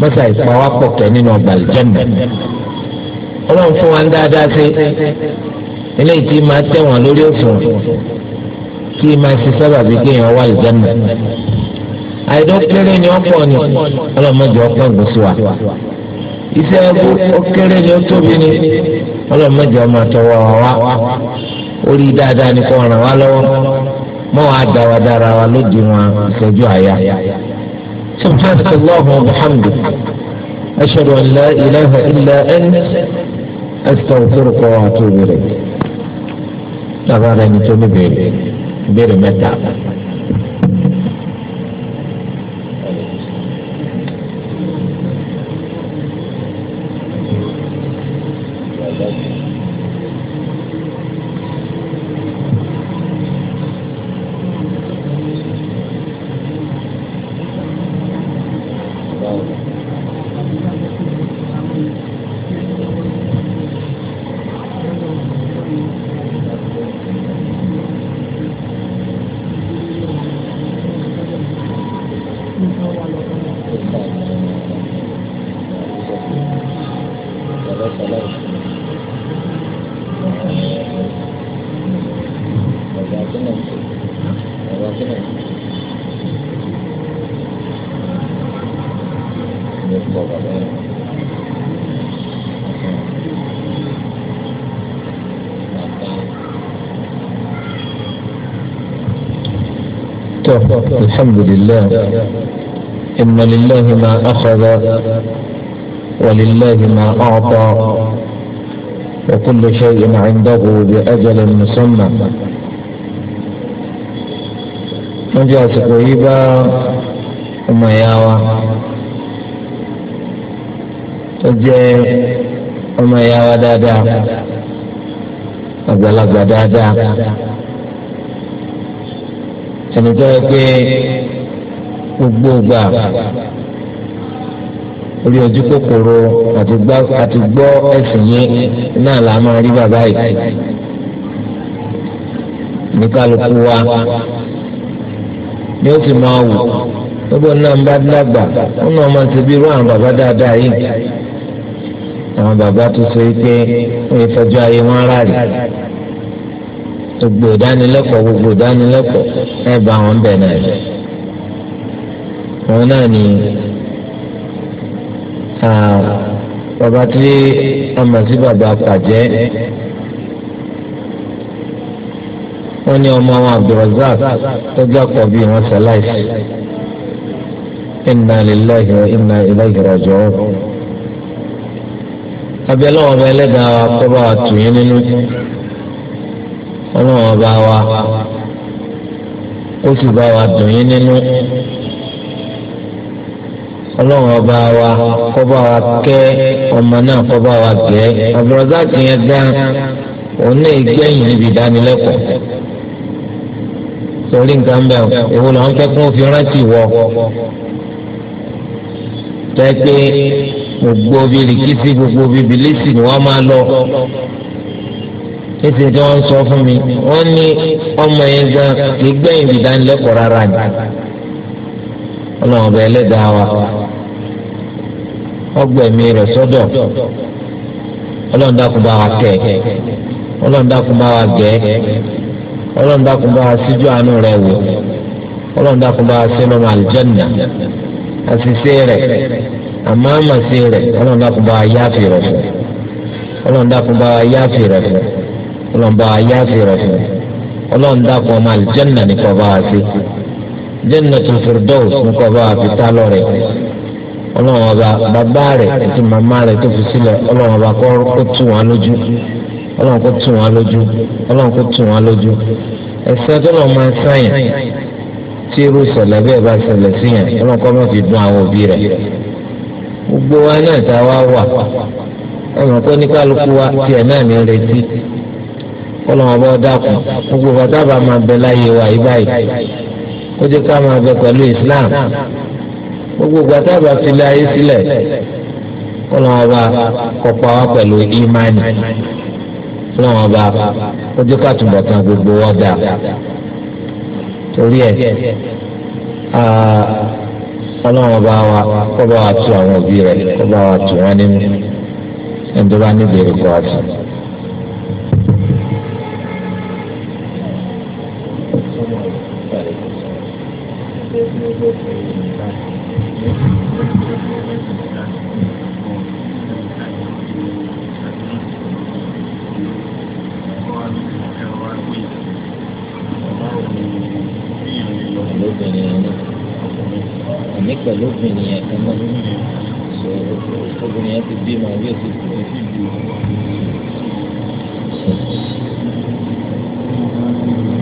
mọ́sà kẹ́ nínú ọgbà ìjẹ́mẹ̀ ọlọ́run fún wa ń dáadáa sí eléyìí tí máa tẹ̀wọ̀n lórí òfin tí máa ṣe sábà bí kéèyàn wá ìjánà àìdókèrè ni ọ̀pọ̀ ni ọlọ́mọdé ọ̀pọ̀ gbèsè wa iṣẹ́ ẹgbẹ́ ókèrè ni ó tóbi ni ọlọ́mọdé ọmọ àtọwọ́ wa orí dáadáa ni kò ràn wá lọ́wọ́ mọ́ wàá dá wa dára wa lódì wọn ìṣẹ́jú àyà. سبحانك اللهم وبحمدك أشهد أن لا إله إلا أنت أستغفرك وأتوب إليك sábà rẹ ní tó ní béèrè béèrè mẹ́ta. الحمد لله إن لله ما أخذ ولله ما أعطى وكل شيء عنده بأجل مسمى من جهة قريبة وما ياوى وما ياوى دادا لك دادا ẹni tó yẹ pé gbogbo gbà orí ojú kòkòrò àti gbọ́ ẹ̀sìn yẹn náà là á máa rí bàbá yìí ní kálukú wa ni ó fi máa wù gbogbo náà ń bá dàgbà wọn náà máa ti bí irú àwọn bàbá dáadáa yìí àwọn bàbá tó so yìí pé wọn yìí fẹjọ́ ayé wọn rárẹ̀ gbogbo ìdánilẹ́kọ̀ọ́ gbogbo ìdánilẹ́kọ̀ọ́ ẹ bá wọn bẹ̀ náà yìí wọn náà ní bàbá tí a mọ̀ sí bàbá pàjẹ́ wọn ní ọmọ wọn Abdulrazak tó jẹ́ àkọ́bí wọn sẹ́láìsì inna lillahi wa inna ilayhi abẹ́lẹ́ wọn bẹ́ẹ̀ lẹ́dàá kọ́ bá wa tù yín nínú ọlọ́run ọba wa ó sì bá wa dùn yín nínú ọlọ́run ọba wa kó bá wa kẹ́ ọmọ náà kó bá wa gẹ́ Abdulrasaq yẹn gan òun náà gbẹ̀yìn níbi ìdánilẹ́kọ̀ọ́ torí nǹkan bẹ́ẹ̀ èwo làwọn fẹ́ kó fi rántí wọ tẹ́ pé gbogbo bíi rìkísí gbogbo bíi bìlísì ni wọ́n máa lọ. ètò tí wọ́n sọ fún mi wọ́n ọmọ yẹn gan ìdánilẹ́kọ̀ọ́ rárá ni ọlọ́run ọba ẹlẹ́dàá wa ọgbẹ̀mí rẹ̀ sọ́dọ̀ ọlọ́run wa kẹ́ ọlọ́run wa gẹ́ ọlọ́run wa síjú àánú rẹ̀ wò ọlọ́run wa àṣìṣe àmọ́ wa yáàfin fún wa yáàfin ọlọ́nba ayáfi rẹ̀ fún ọlọ́nda kọ́ ọmọ alìjẹ́nà ní kọ́ bá wa sí Jannatul Firdaus ní kọ́ bá wa fi tá lọ́rẹ̀ ọlọ́wọ́n ọba bàbá rẹ̀ àti màmá rẹ̀ tó fi sílẹ̀ ọlọ́wọ́n ọba kọ́ kó tù wọ́n lójú ọlọ́wọ́n kó tù wọ́n lójú ọlọ́wọ́n kó tù wọ́n lójú ẹ̀sẹ̀ tó lọ́ máa sáyẹn tí irú ìṣẹ̀lẹ̀ bẹ́ẹ̀ bá ṣẹlẹ̀ sí yẹn ọlọ́wọ́n máa fi dùn àwọn òbí rẹ̀ gbogbo wa náà tá wá wà ọmọ kọ́ ní kálukú wa tiẹ̀ náà ní retí kọ́lọ́wọ́n bá dákun gbogbo bàtà bá máa bẹ láyé wa yìí báyìí ó jẹ́ ká máa bẹ pẹ̀lú Islam gbogbo bàtà bá filẹ̀ ayé sílẹ̀ kọ́lọ́wọ́n bá kọ́pọ̀ wá pẹ̀lú ìmánì kọ́lọ́wọ́n bá ó jẹ́ ká túnbọ̀ kan gbogbo wọn dà torí ẹ̀ ọlọ́run bá wa kó bá wa tu àwọn òbí rẹ̀ kó bá wa tu wọn nínú ẹni tó bá níbi èrè kó pẹ̀lú obìnrin yẹn kan náà so obìnrin yẹn ti bí ma bí o ti bí. Thank you.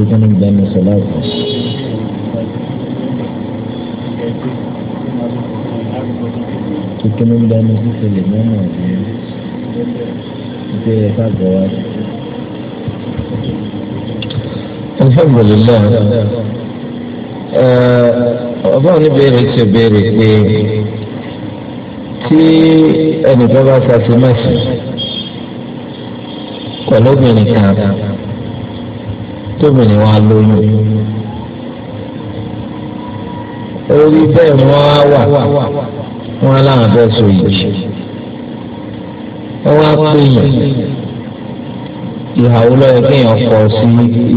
tó tún ní gbẹmí sọlá ìfọ. tuntun ní gbẹmí sísè lè mọ́ mọ́ ọ̀dọ́ ìgbé ẹ̀ka gbọ́ wá. alhamdulilayi ọba oníbèrè ṣe béèrè pé tí ẹnìkan bá ṣàṣemọ́sí pẹ̀lú obìnrin kan tóbìnrin wa lóyún orí bẹ́ẹ̀ ni wọ́n á wà wọ́n á láwọn fẹ́ so yìí wọ́n á pè yàn ìhàwó lọ́yọ̀ kéèyàn kọ sí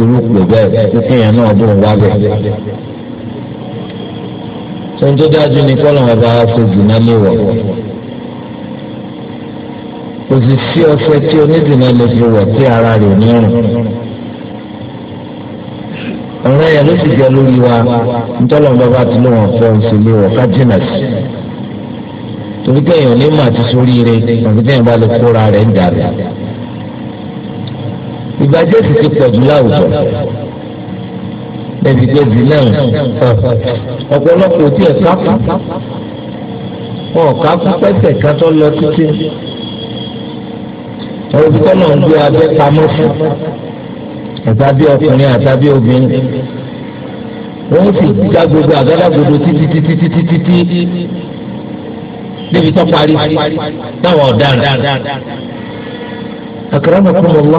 irúpò bẹ́ẹ̀ kí kéèyàn náà dùn wá bẹ́ẹ̀ tóun tó dájú ni kọ́ làwọn bá fojú náà léwọ̀ kò sì sí ọṣẹ tí onídìí náà lè fi wọ̀ sí ara rẹ̀ nírùn ọ̀rọ̀ yẹn ló sì jẹ́ lórí wa nítorí àwọn bàbá àti lóun ọ̀fẹ́ òṣèlú wọ̀ ká jìnà sí torí kẹ́yìn ò ní mà ti sórí rẹ àti kẹ́yìn bá lè kóra rẹ̀ ń dàrú. ìbàjẹ́ sì ti pọ̀ jù láwùjọ lẹ́bi pé zina ọ̀pọ̀lọpọ̀ tí ẹ̀ kápú wọn kápú pẹ́sẹ̀ kátó lọ títí ọ̀rọ̀ tí ń gbé abẹ́ pamọ́ fún un àtàbí ọkùnrin àtàbí obìnrin wọ́n sì dá gbogbo àgádágodo títí títí títí títí débi tó parí táwọn ọ̀daràn. àkàràmọ̀ kọ́ mọ̀ wọ́n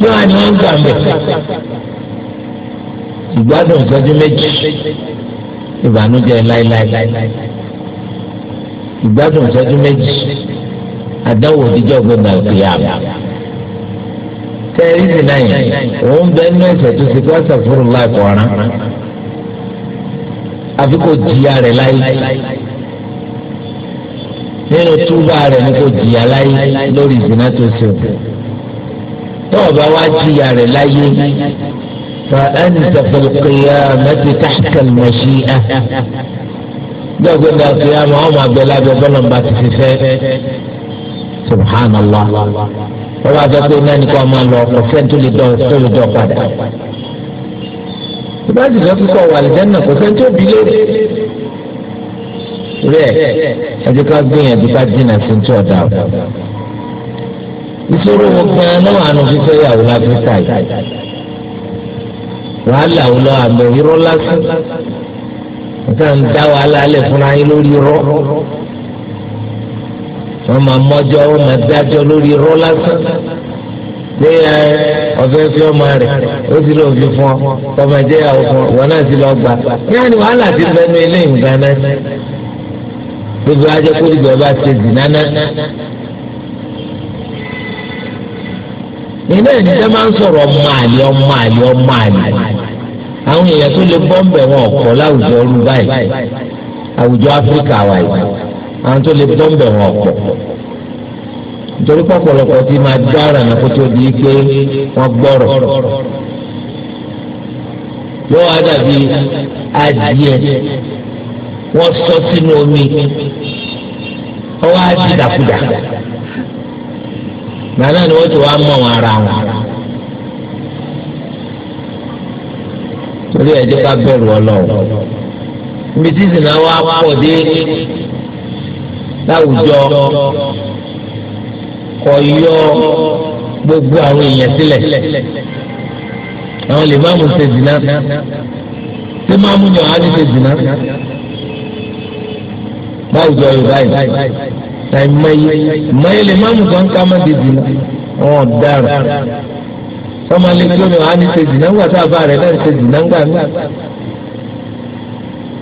yóò wá ní wọ́n gbà mẹ́ ìgbádùn ìtọ́jú méjì ìbànújẹ́ láéláé ìgbádùn ìtọ́jú méjì àdáwò òdìjọ́ gbọ́dọ̀ ìpìyà mi tẹ́rí sí náà yẹn òun bẹ nínú ẹ̀ṣẹ̀ tó ti kọ́ ẹ̀ṣẹ̀ fúru láì kọ́ra àfi kò jìyà rẹ̀ láyé nínú túbà rẹ̀ ni kò jìyà láyé lórí ìdènà tó ṣe o tọ́wọ́ bá wá jìyà rẹ̀ láyé فأنت في القيامة تحت المشيئة gbẹ́gbẹ́ ní àfihàn ọmọ abẹ́lẹ́ abẹ́bọ́lọ́mbà ti fi fẹ́ subhanallah wọ́n bá jẹ́ pé náà ní kó a máa lọ ọ̀pọ̀ fẹ́ẹ́ tó lè dọ̀ tó lè dọ̀ padà. ìbá sì fẹ́ púpọ̀ wà lẹ́jẹ̀nà kò fẹ́ẹ́ tó bí lórí. rẹ̀ ẹjẹ́ ká gbìyànjú ká dínà sí tí ọ̀dà o. ìṣòro wọn gan-an náà wà nù fífẹ́ yàwó láfíríkà yìí. wàhálà wọn lọ àmọ̀ irọ́ lásán. nǹkan dá wàhálà alẹ́ fúnra yín lórí irọ́. wọn máa mọ́jọ́ wọ́n máa lori lórí rọ́lá sàn pé ọ̀fẹ́ fi ọmọ rẹ̀ ó sì lọ fi fún ọ ọmọ ẹ̀jẹ̀ ìyàwó fún ọ wọn náà sì lọ gbà wàhálà ti lẹ́nu eléyìí gánà gbogbo ajẹ́ kó dìgbà bá ṣe dì nánà. ilé ìdílé máa ń sọ̀rọ̀ ọmọ àlè ọmọ àlè ọmọ àlè àwọn èèyàn tó lè bọ́ àwọn tó lè bọ́ ń bẹ̀ wọ́n pọ̀ nítorí pọ̀pọ̀lọpọ̀ ti máa dára kó tó di pé wọ́n gbọ́rọ̀ yóò wá dàbí adìẹ wọ́n sọ sínú omi ọwọ́ adìdàkudà nàánà ni wọ́n ti wá mọ̀ wọn ara wọn. torí ẹ̀jẹ̀ ká bẹ̀rù láwùjọ kọ yọ gbogbo àwọn èèyàn sílẹ̀ àwọn lè má mú ṣe zina tí má mú yàn á ní ṣe zina láwùjọ yorùbá yìí láì mẹ́yẹ mẹ́yẹ lè má mú kan ká má ṣe zina wọn ò dára sọmọ alẹ́ kí ó ní wàá ní ṣe zina ńgbà tá a rẹ̀ náà ṣe zina ńgbà náà.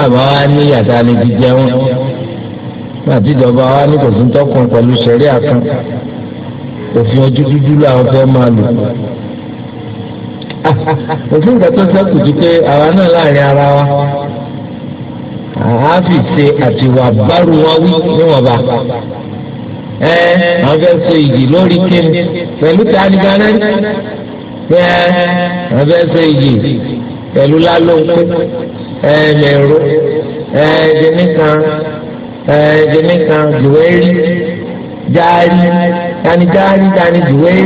àbá wa ní yàtá lè fi jẹun àti ìjọba wa ní kò sí tọkùn pẹ̀lú sẹ̀ríà kan òfin ojú dúdú làwọn fẹ́ máa lò òfin ìgbà tó sẹ́kù ju pé àwa náà láàrin ara wa àáfì ṣe àti wà bárù wọn wí níwọ̀nba ẹ àwọn fẹ́ so ìyì lórí kíni pẹ̀lú ta ni gánà ẹ àwọn fẹ́ so ìyì pẹ̀lú lálóńpé ẹ̀ẹ́dẹ̀rú ẹ̀ẹ́dẹ̀nìkan ẹ̀ẹ́dẹ̀nìkan jùwẹ́rì jáàrí tani jáàrí tani jùwẹ́rì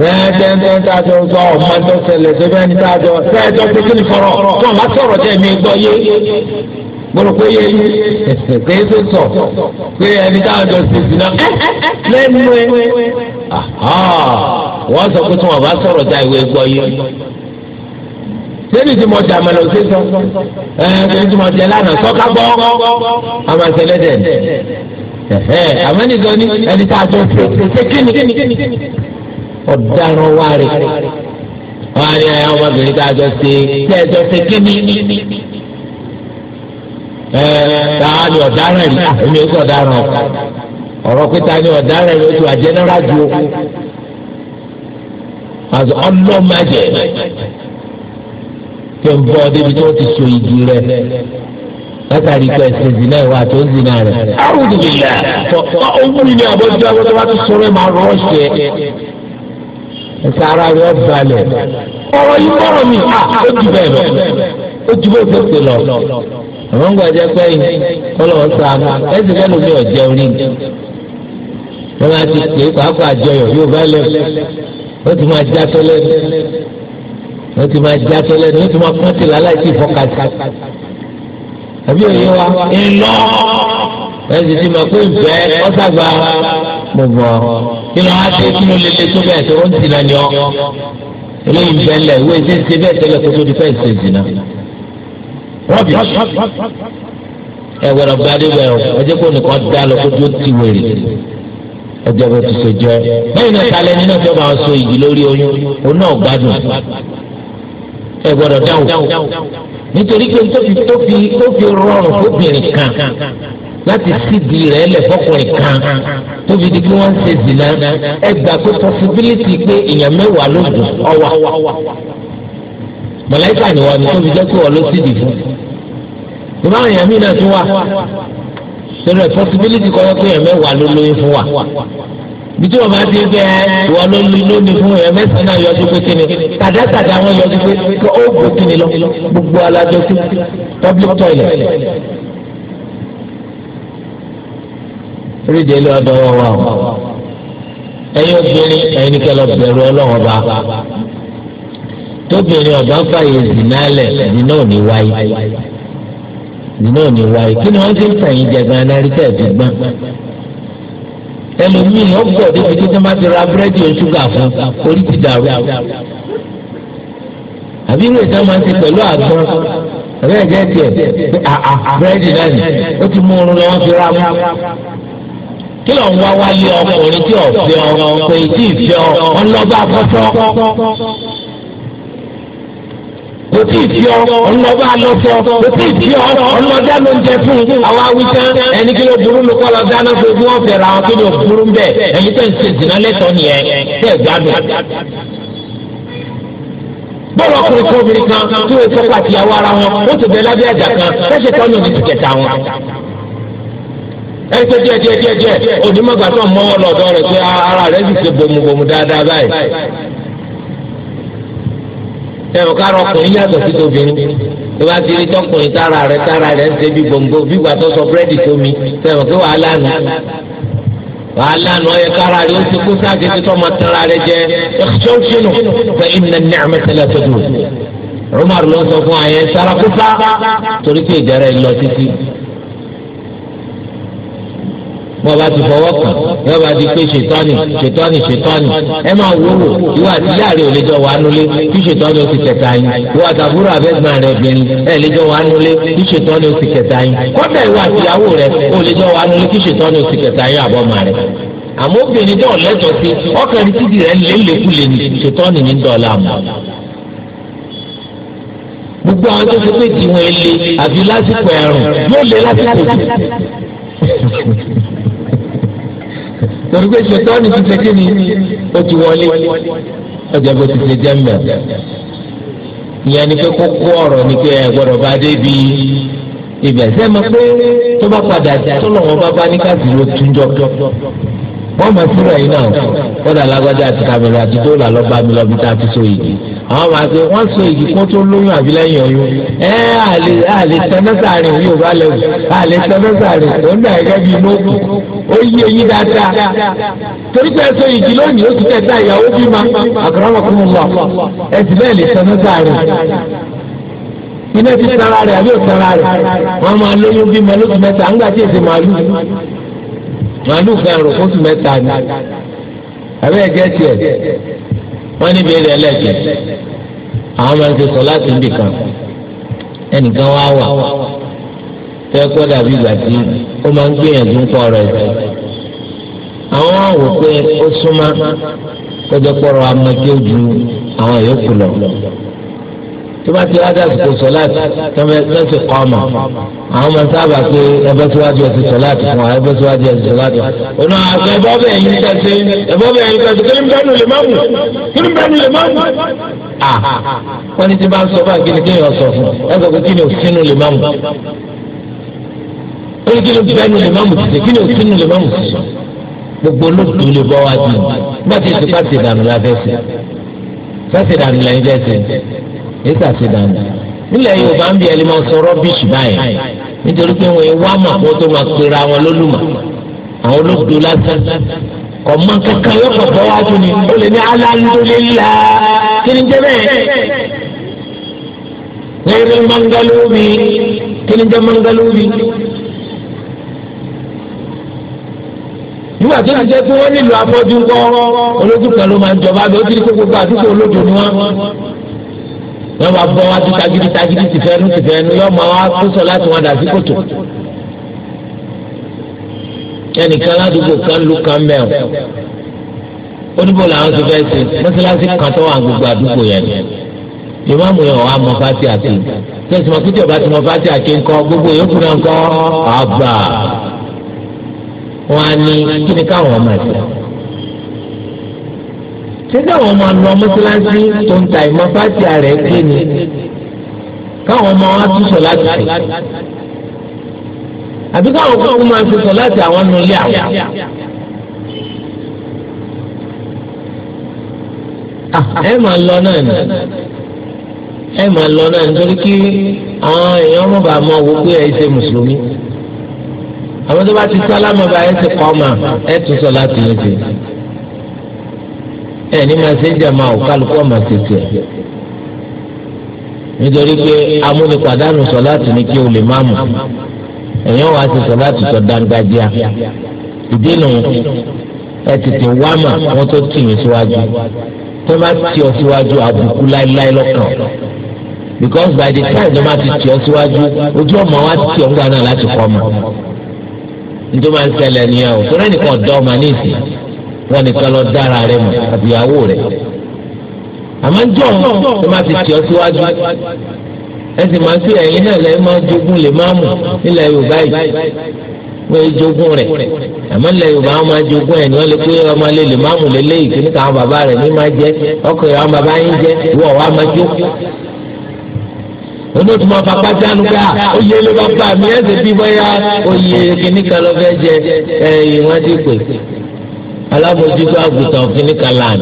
lẹ́ẹ̀dẹ́gbẹ́ tá a jọ sọ ọ̀ma tó ṣẹlẹ̀ tó bẹ́ẹ̀ ni tá a jọ bẹ́ẹ̀ tó tó kíni fọ̀rọ̀ tó ọ̀ma sọ̀rọ̀ tẹ̀ mí gbọ́ yé gbọ́dọ̀ pé yé pé é tó sọ pé ẹni tá a jọ ṣe sí náà lẹ́nu ẹ̀ wọ́n sọ pé tí wọ́n bá sọ̀rọ̀ tá ìwé gbọ́ yé. débi tí mo dàmà lọ sí sọ ẹ débi tí mo jẹ lánàá sọká bọ àmà ìṣẹ̀lẹ̀ dẹ àmọ́ nìkan ni ẹni tá a jọ fún ṣe kíni ọ̀daràn wa rè wọn ni ẹ ọmọbìnrin tá a jọ ṣe kí ẹ jọ ṣe kíni ẹ táwa ni ọ̀daràn rí ah, èmi ò sọ ọ̀daràn ọkọ ọ̀rọ̀ pípa ni ọ̀daràn rí oṣù àjẹnára ju ọlọmọdé. tó ń bọ́ débi tó ti so igi rẹ̀ látàrí pé ẹsẹ̀ zina ìwà tó ń zina rẹ̀. àwùjọ mi là tọ ọmọ mi ni àbọ̀dé àbọ̀dé wa ti sọ̀rọ̀ ẹ̀ máa rọ̀ ṣe. ẹsẹ̀ ara rẹ̀ ọ̀ balẹ̀. ọ̀rọ̀ yìí bọ̀rọ̀ mi à ah, ah, ó ju bẹ́ẹ̀ lọ ó ju bó tó ti lọ. àwọn gbàjẹ́ pé kọ́lọ̀ ń sàánú ẹ̀sìn mẹ́lòó mi ò jẹ́ orí mi. wọ́n máa ti pè é pàápàá àjọyọ̀ yóò bá lẹ̀ wọ́n ti máa di aṣọ lẹ́nu wọ́n ti máa pọ́n tìlá láìsí ìfọkàtì àbí òye wa ńlọ wọ́n ti ti máa pé ìfẹ́ ọ́sàgbà gbogbo kí ló wá sí kí ló lè lè tó bẹ́ẹ̀ tó ń tìlá ni ọ́ eléyìí ń bẹ́ẹ̀ lẹ̀ ìwé ṣe ń ṣe bẹ́ẹ̀ tẹ́lẹ̀ kó tó di fẹ́ẹ̀ ṣe jìnnà rọ́bì ẹ̀wẹ̀rọ̀ gbadébẹ̀ ọjọ́ kó nìkan dá lọ kó tó ti wèrè ọjọ́ bó ti ṣe jẹ́ lẹ́yìn náà ta lẹ́ni náà tó máa sọ ìdí lórí oyún òun náà gbádùn ẹ gbọ́dọ̀ dáhùn nítorí pé tó fi tó fi rọrùn fóbìnrin kan láti síbi rẹ̀ lẹ̀ fọkùnrin kan tó fi di pé wọ́n ń ṣe zìnà ẹ gbà pé possibility pé èèyàn mẹ́wàá ló dùn ọwà mọ̀lẹ́kà ni wọ́n ní tó fi jẹ́ ló sì dì ìbá èèyàn mí náà tún wà torí ẹ̀ kọ́ yẹ pé èèyàn mẹ́wàá ló lóyún fún wa bí tí o máa ti gbẹ ìwọ ló lu lónìí fún ẹ mẹsàn-án náà yọjú pé kíni kàdákàdá wọn yọjú pé kó o gbó kíni lọ gbogbo alájọ sí public toilet. ríde ilé ọ̀dọ̀ wọn wà o ẹ̀yin obìnrin ẹ̀yin ní kẹlọ bẹ̀rù Ọlọ́run bá tóbìnrin ọba fàyè zinalẹ zina ò ní wáyé zina ò ní wáyé kí ni wọn ti ń fẹ̀yìn jẹ ganan rí tẹ ẹ fi gbọn ẹlòmíì ó pọ̀ débi tí sọ ma ti ra búrẹ́dì oṣù fún orí ti dàrú. àbí ìwé sọ ma ti pẹ̀lú àgbọn ẹ̀rẹ́ ẹ̀jẹ̀ tiẹ̀ ah, ah, búrẹ́dì náà ni ó ti mú oorun lọ́wọ́ fi ra mú kí ló wá wálé ọkùnrin tí ọ̀fẹ́ ọ kò tí ì fẹ́ ọ ọlọ́gbà fọ́tọ́ kò tí ì fi ọ ọlọ́ba lọ́sọ kò tí ì fi ọ ọlọ́dá ló ń jẹ fún àwa wíjá ẹni kí ló burú ló kọ́ lọ dáná fún ebi wọn fẹ̀rẹ̀ àwọn kí ló burú ń bẹ̀ ẹ̀yin tẹ̀ ń ṣe ìdìnnà lẹ́tọ̀ọ́ nìyẹn tẹ̀ gbádùn. bọ́lọ̀ ọkùnrin kan obìnrin kan tí wọ́n sọ pàtì àwọ̀ ara wọn ó ti bẹ̀ lábẹ́ àjà kan fẹ́ṣẹ̀ tọ́nù ní tìkẹ̀tà wọn. ẹ ṣe díẹ̀ díẹ̀ díẹ̀ díẹ̀ onímọ̀gbà tó ń mọ́wọ́ lọ́dọ̀ rẹ̀ pé ara rẹ̀ sì ṣe bomubomu dáadáa báyìí ẹ̀rù kárọ̀ ọkùnrin yàtọ̀ sí tóbìnrin tó bá ti rí tọkùnrin tára rẹ̀ tára rẹ̀ ń ṣe bí gbòǹgbò bí gbàtọ sọ búrẹ́dì tómi sẹwọn kí wàhálà nù wàhálà nù ọyẹ kára rẹ̀ ó ti kó sáà tètè tó ọmọ tára rẹ̀ jẹ ẹkṣọṣinù fẹ iná ní àmẹsẹlẹ tó dùn Umar ló sọ fún àyẹ sára kúta torí pé ìdẹrẹ lọ títí bọ́ bá ti fọwọ́ kàn yóò bá di pé ṣètọ́nì ṣètọ́nì ṣètọ́nì ẹ máa wò wò ìwà àti ìyá rẹ̀ ò lè jọ wà nulẹ̀ kí ṣètọ́nì ó ti kẹta yín ìwà àtàbúrò àbẹ́gbọ̀n rẹ̀ bìnrin ẹ lè jọ wà nulẹ̀ kí ṣètọ́nì ó ti kẹta yín kọ́dà ìwà àti ìyàwó rẹ̀ ò lè jọ wà nulẹ̀ kí ṣètọ́nì ó ti kẹta yín àbọ̀mọ rẹ̀ àmọ́ obìnrin náà lẹ́tọ̀ọ́ sí ọkàn ní títì rẹ̀ lélẹ́kulè ní ṣètọ́nì ní dọ̀ọ́lá gbogbo àwọn tó ti pé tiwọn ele àfi lásìkò ẹ̀rùn yóò lé lásìkò tó torí pé ṣètọ́ni ti ṣe kí ni ó ti wọlé ọjà bó ti ṣe jẹ́ mbẹ́. ìyẹn ni pé kókó ọ̀rọ̀ ni pé ẹ bá dé bí ibẹ̀ sẹ́ẹ̀ mọ̀ pé tó bá padà tó lọ́wọ́ bá bá ní káàsì ló túnjọ́ wọ́n mọ̀ fúnra yìí náà kódà lágbájá àti kàmẹ́lú àti tó là lọ́ba mi lọ́bi tá a ti so igi àwọn máa ṣe wọ́n so igi kó tó lóyún àbí lẹ́yìn ọyún ẹ àlè àlè tẹ́lẹ́sàárín yóò bá lẹ́wù àlè tẹ́lẹ́sàárín òun náà gẹ́gẹ́ bíi mọ́kù ó yí eyín dáadáa torí pé so igi lónìí ó ti tẹ̀sà ìyàwó bí ma àkàràmọ̀kùnmọ̀ ẹ̀sìn bẹ́ẹ̀ lè tẹ́lẹ́sàárín iná ti tara rẹ̀ àbí ò tara rẹ̀ wọ́n máa lóyún bí ma lóṣù mẹ́ta ńgbà tí èsì máa lù màálù kan rò fún mẹ́ta ni abẹ́ ẹ̀gẹ́ tiẹ̀ wọ́n níbi eré ẹlẹ́jẹ̀ àwọn máa ń ti sọ láti ibì kan ẹnìkan wá wà fẹ́ kọ́ dàbí ìgbà tí ó máa ń gbìyànjú ń kọ́ ọ̀rọ̀ ẹ̀jẹ̀ àwọn àwò pé ó súnmọ́ kó pọ̀rọ̀ amagé ju àwọn yòókù lọ tó bá ti rádà kò sọláàtì tọ́sí kọ́ ọmọ àwọn ọmọ sábà pé ẹbẹ́ síwájú ẹ̀sìn sọláàtì fún wa ẹbẹ́ síwájú ẹ̀sìn sọláàtì fún wa. ọ̀nà àgbẹ̀ ẹ̀bọ́ bẹ́ẹ̀ yín kẹsẹ̀ ẹ̀bọ́ bẹ́ẹ̀ yín kẹsẹ̀ kí ni bẹ́ẹ̀ nu lè má mú kí ni bẹ́ẹ̀ nu lè má mú. à wọ́n ní tí bá ń sọ bá kí ni kí yóò sọ fún ẹ sọ pé kí ni òsín nu lè má mú. ó ní kí ni bẹ́ẹ̀ nu lè má mú títí kí ni òsín nu lè má mú títí gbogbo olóòtú lè bọ́ wájú nígbà tí ètò ká ti dànù láfẹ́sẹ̀ ká ti dànù lẹ́yìn fẹ́sẹ̀ èsì àṣedànù nílẹ̀ yorùbá ń bí ẹni máa sọ rọ́bìṣì báyìí nítorí pé wọ́n wá mà kó tó máa pera wọn lólùmọ̀ àwọn olóògbé lásán ọmọ kankan yóò kọ̀ bọ́ wájú ni ó lè ní alálùlélá kí ni jẹ́ bẹ́ẹ̀ lẹ́yìn mangalóbi kí ni jẹ́ mangalóbi. nígbà tó ti jẹ́ pé wọ́n nílò afọ́jú kọ́ olójú kan ló máa ń jọba bẹ́ẹ̀ ó ti ní kó gbogbo àdúgbò olódò ni wọ́n yọọ máa bọ́ wájú tagidi tagidi tìfẹ́nu tìfẹ́nu yọọ máa wá kó sọ láti wọn dà sí kòtò. ẹnìkan ládùúgbò kan lù kan mẹ́ọ̀ oníbò làwọn ti fẹ́ ṣe mọ́sálásí kan tó wà gbogbo àdúgbò yẹn ni ìmáàmù yẹn wà mọ fati àti tẹ̀sí mọ̀ kíjọba ti mọ fati àti ńkọ gbogbo yòókù náà ńkọ àbà wọn á ní kíni káwọn ọmọ ẹ̀sìn ṣé káwọn ọmọ àna mọ́sálásí tó ń ta ìmọ̀ fásitì rẹ̀ dé ni káwọn ọmọ wa tún sọ láti fẹ́ àbí káwọn kọ́kọ́ máa fi sọ láti àwọn nu ilé àwọn. ẹ máa lọ náà ni ẹ máa lọ náà nítorí kí àwọn èèyàn mọ̀ bá mọ̀ wò pé ẹ ṣe mùsùlùmí àwọn tó bá ti sálámù ẹ ti kọ́ ọ́ ẹ tún sọ láti lè dè ẹ ní máa ṣe ń jàmá ò kálukú ọmọ tètè nítorí pé amúnipàdánù sọláàtì ní kí o lè máàmù èèyàn wàá ti sọláàtì tó dángájíá ìdí nù ẹ tètè wá mà wọn tó tì mí síwájú tó má tì ọ síwájú àbùkù láéláé lọ́kàn because by the time tó má ti tì ọ síwájú ojú ọmọ wa ti tì ọ ńgbà náà láti kọ́ ọmọ nítorí máa ń ṣẹlẹ̀ nìyẹn o torí ẹnìkan ọ̀dọ́ ọmọ ní ìsìn wọn nìkan lọ dára rẹ mọ àbíyàwó rẹ àmọ́ jọ ọ má ti tì ọ síwájú ẹ sì máa sí ẹ̀yin náà lẹ́yìn máa jogún lè máa mú nílẹ̀ Yorùbá yìí wọ́n yé jogún rẹ̀ àmọ́ ilẹ̀ Yorùbá wọn máa jogún ẹ̀ ní wọ́n lè pé ọmọ alẹ́ lè máa mú lélẹ́yìí kí níta àwọn bàbá rẹ̀ ní máa jẹ ọkùnrin àwọn bàbá yín jẹ ìwọ wa máa jó olóòtú máa fa pátá nuga oyè ló bá bá mi ẹsẹ̀ bí bóyá oyè kìnnìkan ló fẹ́ jẹ ẹ̀ ìwọ́n ti pè alábòjútó àgùntàn òfin kalan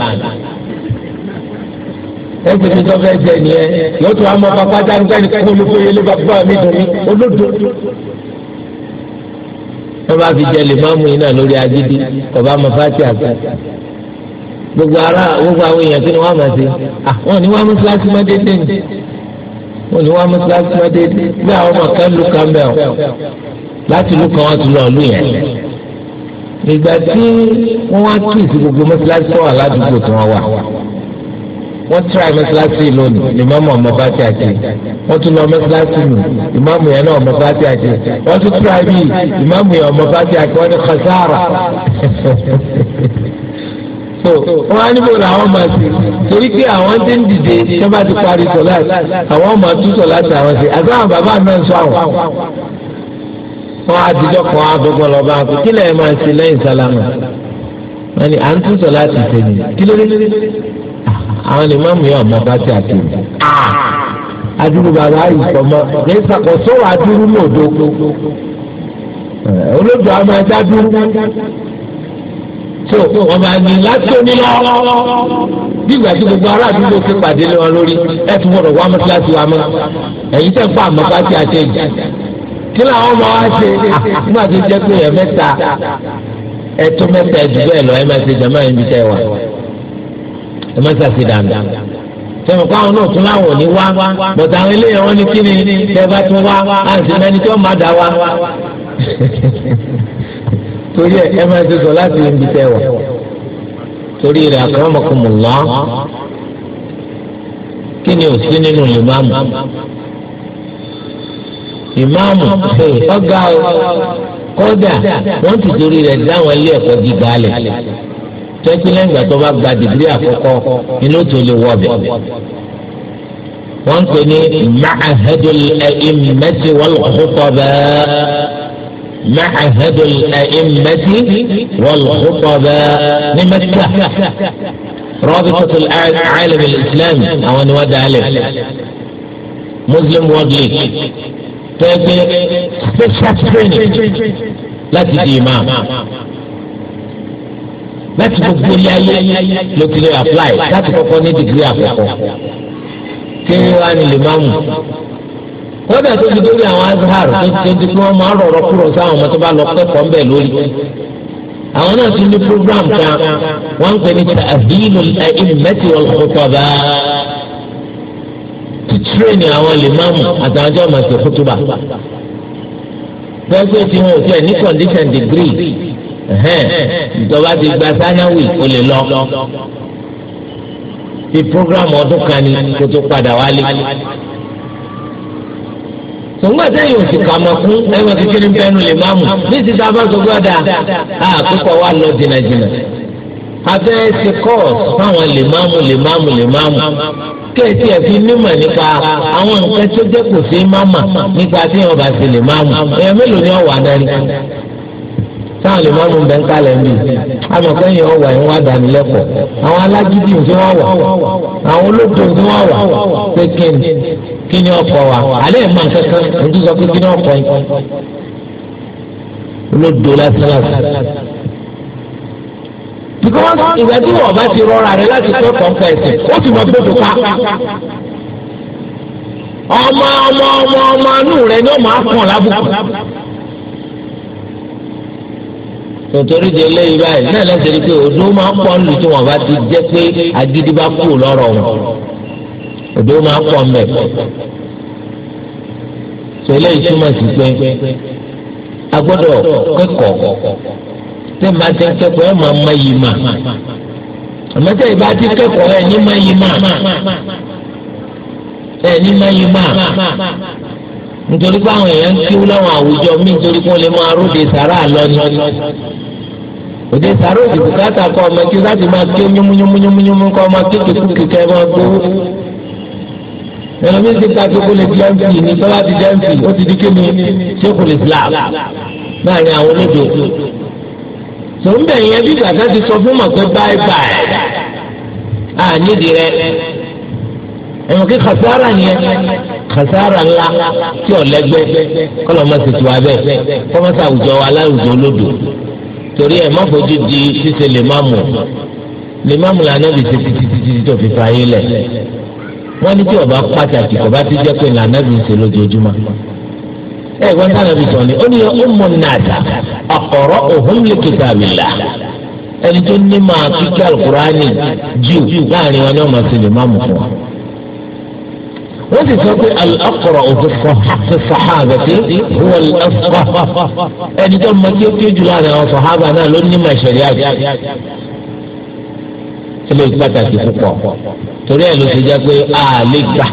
wọ́n fi tuntun fẹ́ jẹ nìyẹn yóò tún àmọ́ bàbá dáńgá ní kó olùkọ́ yẹlé bàbá mi dùn mí olódò. wọ́n bá fi jẹ lèmọ́mù yìí náà lórí agídí bàbá àmọ́ fáti àgbà. gbogbo ara gbogbo àwọn èèyàn kí ni wọ́n á máa ah wọ́n ní wọ́n á mú kíláàsì máa dédé ni wọ́n ní wọ́n á mú kíláàsì máa dédé bí àwọn ọmọ kan lù kàn bẹ́ẹ̀ láti lù kàn wọ́n ti lọ lù yẹn ìgbà tí wọ́n wá tù sí gbogbo mọ́sálásí wà ládùúgbò tí wọ́n wà wọ́n tíra mọ́sálásí lónìí ní mọ́mọ́ ọmọ bá ti àti wọ́n tún lọ mọ́sálásí nù ìmáàmù yẹn náà ọmọ bá ti àti wọ́n tún tíra bíi ìmáàmù yẹn ọmọ bá ti àti wọ́n ní kọ́sára [LAUGHS] so wọn á níbo làwọn máa ṣe torí pé àwọn tí ń dìde tí wọn bá ti parí sọláàtì àwọn máa tú sọláàtì àwọn ṣe àti àwọn bàbá náà ń sọ àwọn wọn àtijọ́ kan àdógbọ́n lọ́ba àti kílẹ̀ ẹ̀ máa ṣe lẹ́yìn sálámà wọn ni à ń tún sọ láti ṣe ni kílẹ̀ àwọn ni mọ́mú yóò máa bá ti àti rẹ̀ adúrú bàbá ìsọmọ lẹ́yìn sàkóso adúrú lòdò olódò àwọn máa dá dúró tó wọn máa ní láti omi lọ bí ìgbà tí gbogbo ará àdúgbò fi pàdé lé wọn lórí ẹ tún gbọ́dọ̀ wá mọ kíláàsì wa mọ ẹ̀yin tẹ ń pa àmọ́ bá ti àṣẹ yìí kí làwọn ọmọ wa ṣe nígbà tó jẹ́ pé ẹ̀ mẹ́ta ẹtún mẹ́ta ẹdùn bẹ́ẹ̀ lọ ẹ máa ṣe jàmbá yẹn bí tẹ wà ẹ máa ṣàṣì dànù tẹmọ kó àwọn náà tún láwọn ò ní wá bọ̀tà àwọn eléyìí wọn ní kí ni tẹ bá tún wá á sì mẹni tí wọn máa dà wá torí ẹ máa ṣe sọ láti yẹn bí tẹ wà torí rẹ àkàrà ọmọkùnrin lọ kí ni ò sí nínú ìmáàmù ìmáàmù ọ̀gá o kódà wọ́n ti torí rẹ̀ dáwọn ilé ẹ̀kọ́ gíga lẹ̀ tẹ́kí lẹ́yìn ìgbà tó bá gba dìgírí àkọ́kọ́ inú tó lè wọ bẹ̀. wọ́n ń pè ní ma'ahadul a'immati wal khutaba ma'ahadul a'immati wal khutaba ní mẹ́tíkà rabitatul alam al-islami àwọn ni wọ́n dá lẹ̀ muslim world league tẹ́gbẹ́ special training láti di imam láti gbogbo ilé ayé ló ti lè apply láti kọ́kọ́ ní dìgírì àkọ́kọ́ kéré wá ní lè máa mú kódà tó ti dórí àwọn azhar tó ti di pé wọ́n máa rọ̀rọ̀ kúrò sáwọn ọmọ tó bá lọ kẹ́kọ̀ọ́ ń bẹ̀ lórí àwọn náà ti ní program kan wọ́n ń pè ní tahdilul a'immati wal khutaba ti train àwọn limamu, àtàwọn ọjọ́ ọmọ ìṣòkò tó bá gbẹ́gbẹ́ tí wọn ò tẹ̀ ní condition degree ìjọba ti gba sanawi ó lè lọ ti program ọdún kan ni kó tó padà wálé tòun àti ẹ̀yìn òsì kà mọ̀ fún ẹ̀yìn òsì kiri ń bẹ́ẹ̀ nu lèmáàmù ní ti ta bá sọ gbọ́dọ̀ àkókò wa lọ jìnnàjìnnà afẹ́ ti kọ́ọ̀sì fáwọn lèmáàmù lèmáàmù lèmáàmù kéètì ẹ̀ mímọ̀ nípa àwọn nǹkan tó jẹ́ kò sí máma nípa tí wọn bá ti lèmáàmù èèyàn mélòó ni wọn wà dání táwọn lèmáàmù bẹ́ẹ̀ ń kálẹ̀ ń bì amọ̀kẹ́ yẹn wà ń wá dání lẹ́kọ̀ọ́ àwọn alágídí ń fi wọ́n wà àwọn olóògbé ń fi wọ́n wà pé kíni kíni ọkọ̀ wa alẹ́ ìmọ̀ kankan ń tún sọ pé kíni ọkọ̀ yìí olóògbé lásán lásán because ìwé tí wọ́n bá ti rọra rẹ láti tó tọ́ka ẹ̀sìn ó sì mọ gbogbo pa. ọmọ ọmọ ọmọ ọmọ inú rẹ ni ó máa kàn lábùkù. tòtòrí di eléyìí báyìí náà lẹ́sẹ̀ ni pé odò máa pọ̀ nù tí wọ́n bá ti jẹ́ pé agídí bá kú lọ́rọ̀ wọn odò máa pọ̀ mbẹ̀. tòlẹ́yìí túmọ̀ sí pé a gbọ́dọ̀ kẹ́kọ̀ọ́ tẹ́ ma, ti akẹ́kọ̀ọ́ ẹ̀ ma, ma yìí ma, àmọ́ tẹ́ ìbá ti kẹ́kọ̀ọ́ ẹ̀ ní ma yìí ma, ẹ̀ ní ma yìí ma, nítorí pé àwọn èèyàn ń kíw láwọn àwùjọ mi nítorí pé wọ́n lè máa róde sàrà lọ ni òde sàrà òde bùkátà kọ ọmọ kí láti máa kí nyúmúnyúmúnyúmú kọ ọmọ kékeré kékeré máa gbowó ẹlòmíín ti ká tó kó lè di mp ní tọ́lá ti di mp ó ti di kí ni ṣékùlù islam láàrin àwọn olódò tó ń bẹ̀ yẹn bí bàtà ti sọ fún mọ̀ pé báyìí báyìí à nídìí rẹ ẹ̀wọ̀n kí kàsára yẹn kàsára ńlá tí ọ̀lẹ́gbẹ́ kọ́lọ́ máa ti tu abẹ́ kọ́mọ́sá àwùjọ wa aláwùjọ olódò torí ẹ̀ má fojú di ṣíṣe lè má mú lè má mú lànà bí ṣe títí títí tó fi fààyè lẹ̀ wọ́n ní tí ọba pàtàkì ọba ti jẹ́ pé lànà bí ṣe lójoojúmọ́ ẹ gbọ́n tí anabi tọ́ ni ó ní ọmọ nàdà ọ̀kọ̀rọ̀ òhun lè kitabillah ẹni tó ní máa kíkí alukurani jù láàrin wọn ni wọn máa ṣe lè máa mú fún wa. wọ́n sì sọ pé alakọ̀rọ̀ òfin sàhábà tí wọ́n lọ́kọ̀ ẹni tó máa kíkí jù láàrin àwọn sàhábà náà ló ní máa ṣẹ̀ríà jù ilé pàtàkì púpọ̀ torí ẹ̀ ló ti jẹ́ pé a lè gbà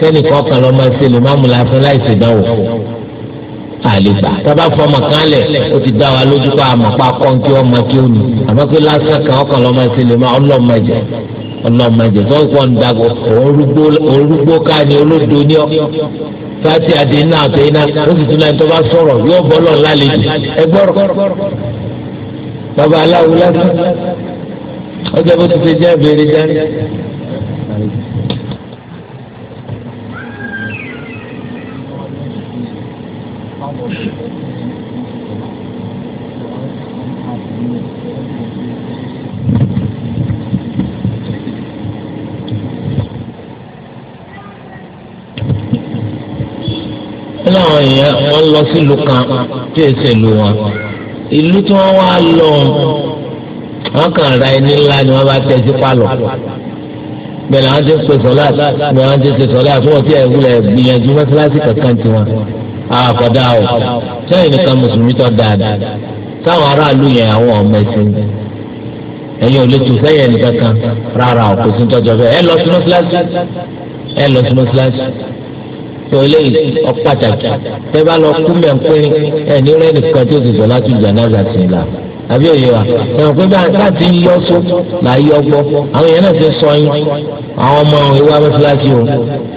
kẹ́nìkan kan lọ́ọ́ máa ṣe lè máa mú lásán láì ṣèdánwò fún àlegbà tábà fọmọ kan lẹ ó ti dá wa lójú pa àmọ́ pa kọ́ńtì ọmọ kí ó ní àmọ́ pé lásán kan ọkàn lọ́mọ sí lè má ọlọ́mọ jẹ ọlọ́mọ jẹ tó ń pọ̀ ń dàgbọ́ orúgbó ká ní olódo ní ọ sáàtì àdéhùn àtẹ̀yìnà ó sì tún náà tó bá sọ̀rọ̀ yóò bọ́ lọ́n lálejò ẹ gbọ́rọ̀ bàbá aláwo lásán ọjọ́ bó ti ṣe jẹ́ ìbéèrè jáde. láwọn èèyàn wọn lọ sílùú kan tí èsì ìlú wọn ìlú tí wọn wá lọ wọn kàn ra ẹni ńlá ni wọn bá tẹ sí pálọ̀ bẹ́ẹ̀ làwọn ti ń pè sọlá bẹ́ẹ̀ làwọn ti ń pè sọlá wọn ti ẹ wúlẹ̀ gbìyànjú mọ́sálásí kankan tiwọn àkọ́dá o sẹ́yìn nìkan mùsùlùmí tó dáadáa táwọn aráàlú yẹn àwọn ọmọ ẹ̀sìn ẹ̀yin ò lè tù sẹ́yìn nìkan kan rárá o kò sí tọ́jọ́ bẹ́ẹ̀ ẹ lọ sínú kíláàsì ẹ lọ sínú kíláàsì tó eléyìí ọ̀pàtàkì tẹ́ bá lọ kú mẹ́ńpé ẹ̀ ní rẹ́ nìkan tó ti sọ láti jẹ̀ náà àbí òye wa ẹ̀rọ pé láti yọ só là yọ gbọ́ àwọn èèyàn náà ti sọ yín àwọn ọmọ òun ìwà mọ́sálásí o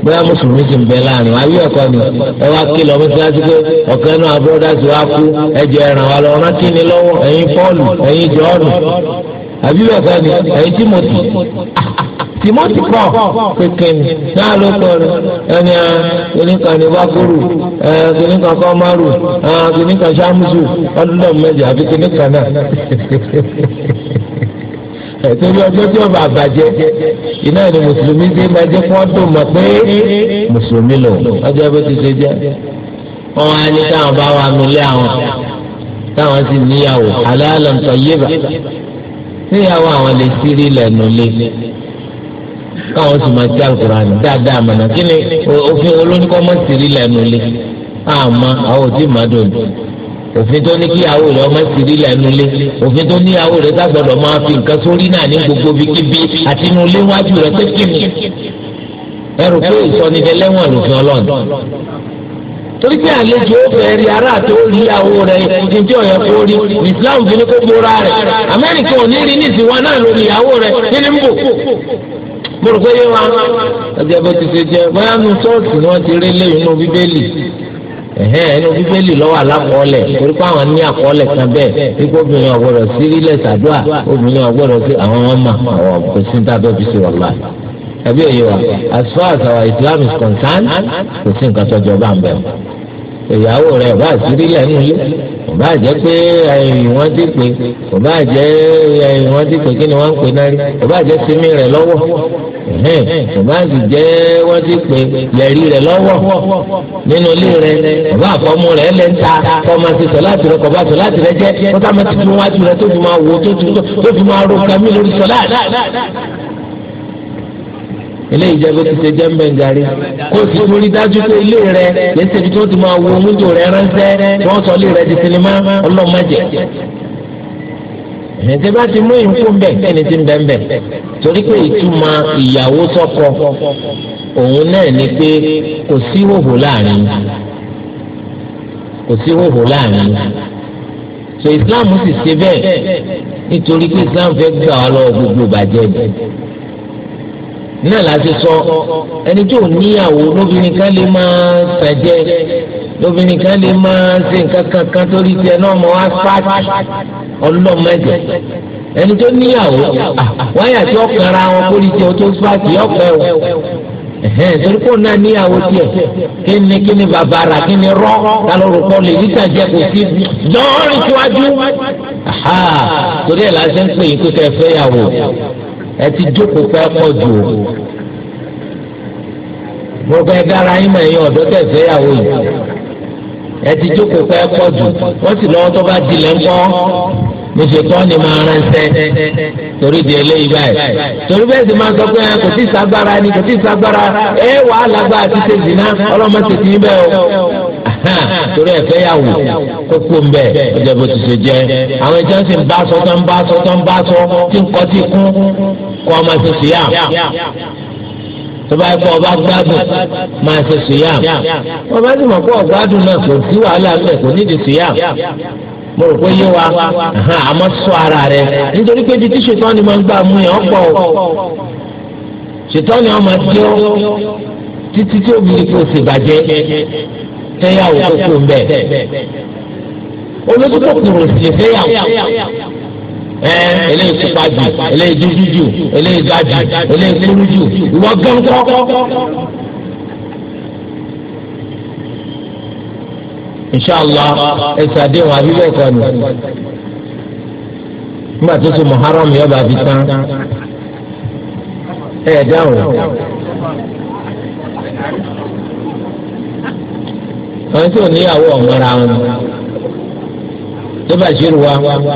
bóyá mùsùlùmí sì ń bẹ láàrin àbí ẹ̀kọ́ ni ẹ wá kí lọ mọ́sálásí pé ọ̀kan náà brothers wa kú ẹ̀jẹ̀ ẹ̀ràn wa lọ rántí ni lọ́wọ́ ẹ̀yin Pọ́ọ̀lù ẹ̀yin Jọ́ọ̀nù àbí bẹ́ẹ̀ kọ́ ni ẹ̀yin Timothy Timothy kọ́ kékeré ni náà ló kọ́ ni ẹni ah, kìnnìkan ní bákúrú eh, kìnnìkan kọ́ márù ah, kìnnìkan sàmùsù ọdún mẹ́jọ àbí kìnnìkan náà [LAUGHS] ẹ̀tọ́jú ọjọ́ tí ọba àbàjẹ́ iná ni mùsùlùmí dé máa jẹ́ fún ọdún mọ̀ pé mùsùlùmí lò ọjọ́ bó ti ṣe jẹ́ wọn á ní káwọn bá wa nulẹ̀ àwọn táwọn sì níyàwó alẹ́ àlọ́ ń tọ́ yé bá níyàwó àwọn lè sírí lẹ́nu lé káwọn sì máa já Kùránì dáadáa mọ̀nà kí ni òfin olóńkọ́ mọ̀ sírí lẹ́nu lé àmọ́ àwọn ò tí ì má dòdò òfin tó ní kíyàwó rẹ ọmọ sì rí lẹ́nu lé òfin tó níyàwó rẹ ságbọ́dọ̀ máa fi nǹkan sórí náà ní gbogbo bíkíbi àti inú ilé wájú rẹ pé kíni ẹrù pé ìsọnidẹ lẹ́wọ̀n lòfin Ọlọ́run torí pé àlejò ọbẹ̀ rí ara àti orí ìyàwó rẹ̀ ìdíje ọ̀yẹ́ kó rí Islam fi ní kó gbóra rẹ̀ Amẹ́ríkà ò ní rí ní ìsìnwá náà lórí ìyàwó rẹ̀ nínú ń bò mo rò pé yé wa bó ti ṣe jẹ bóyá nu ni wọ́n ti rí lé inú bíbélì ẹ̀hẹ́n bíbélì lọ́wọ́ torí pé àwọn ní kan wípé obìnrin ẹbí òye wa as far as our Islam is concerned kò sí nǹkan tó jọba ń bẹ o ìyàwó rẹ ọba àṣírí lẹ nínú ilé ọba àjẹ pé ẹ̀yìn wọn ti pè ọba àjẹ ẹ̀yìn wọn ti pè kí ni wọn ń pè náà rí ọba àjẹ sinmi rẹ lọ́wọ́ ọba àti jẹ wọn ti pè yẹrí rẹ lọ́wọ́ nínú ilé rẹ ọba àfọmú rẹ lẹ ń ta kọmọ ti sọ láti rẹ kọba sọ láti rẹ jẹ kọta mọ ti tún wájú rẹ tó fi máa wò tó fi máa ro kàmí lórí sọ eléyìí jẹ́ bó ti ṣe jẹ́ mbẹ̀ngàrí kó o sì forí dájú pé ilé rẹ yẹn ṣe tó ti máa wo múndò rẹ ránṣẹ́ wọ́n sọ ilé rẹ di sinimá ọlọ́mọdé ẹ̀ǹtẹ́ bá ti mú ìkú bẹ̀ ẹni ti ń bẹ̀ bẹ̀ torí pé ìtumọ̀ ìyàwó sọ́kọ òun náà ni pé kò sí hòhò láàrin kò sí hòhò láàrin so Islam sì ṣe bẹ́ẹ̀ nítorí pé Islam fẹ́ gbà wá lọ́wọ́ gbogbo bàjẹ́ bẹ́ẹ̀ náà la ṣe sọ ẹni tó níyàwó lóbìnrin kan lè máa ṣàjẹ́ lóbìnrin kan lè máa ṣe nǹkan kankan torí tiẹ̀ náà mọ wá pàtì ọlọmọdé ẹni tó níyàwó wáyà tí ó kara wọn kó lè jẹ tó pàtì ọkọ ẹ ẹhẹn torí kò náà níyàwó tiẹ̀ kíni kíni bàbàrà kíni rọ kálórúkọ lè yíta jẹ kò sí dọ́ọ̀rì síwájú torí ẹ̀ la ṣe ń pè yín pé kẹ́ ẹ fẹ́ yàwó ẹ ti jókòó pẹ́ pọ̀ jù o mo bẹ dára yín mọ̀ ẹ̀yin ọ̀dọ́ tẹ̀sẹ̀ yàwó yìí ẹ ti jókòó pẹ́ pọ̀ jù wọ́n sì lọ́wọ́ tó bá dilẹ̀ ńkọ́ níṣẹ́ tó ni máa ránṣẹ́ torí di eléyìí báyìí torí bẹ́ẹ̀ sì máa sọ pé kò tí ì sagbára ni kò tí ì ẹ wàá lágbára ti ṣe ọlọ́mọ tètè bẹ́ẹ̀ o torí ẹ̀fẹ́ yà wò kó kó ń bẹ̀ ọjọ́ bó ti ṣe jẹ́ àwọn ìjọ sì ń bá sọ tó ń bá sọ tó ń bá sọ tí ń kọ́ sí kún kó ọmọ ti sì yà tó bá yẹ kó ọba gbádùn máa ṣe sùyàm ọba sì mọ̀ kó ọgbádùn náà kò sí wàhálà ńlẹ̀ kò nídìí sùyàm mo rò pé yé wa àmọ́ sọ ara rẹ nítorí pé ibi tí ṣètọ́ni máa ń gbà mú yẹn ọ̀pọ̀ ṣètọ́ni ọmọ tí ó títí tí ó bí kò sì bàjẹ́ fẹ́yàwó tó kù mbẹ́ olójú tó kù sí fẹ́yàwó ẹ eléyìí pupa jù eléyìí dúdú eléyìí ga eléyìí kúrú ìwọ gán kọ́. inshallah àdéhùn àbíbẹ̀ kọ́ nígbà tó so muharram fi tán ẹ dáhùn. àwọn tí ò níyàwó ọ̀hún ra wọn tó bá ṣe rú wa àwọn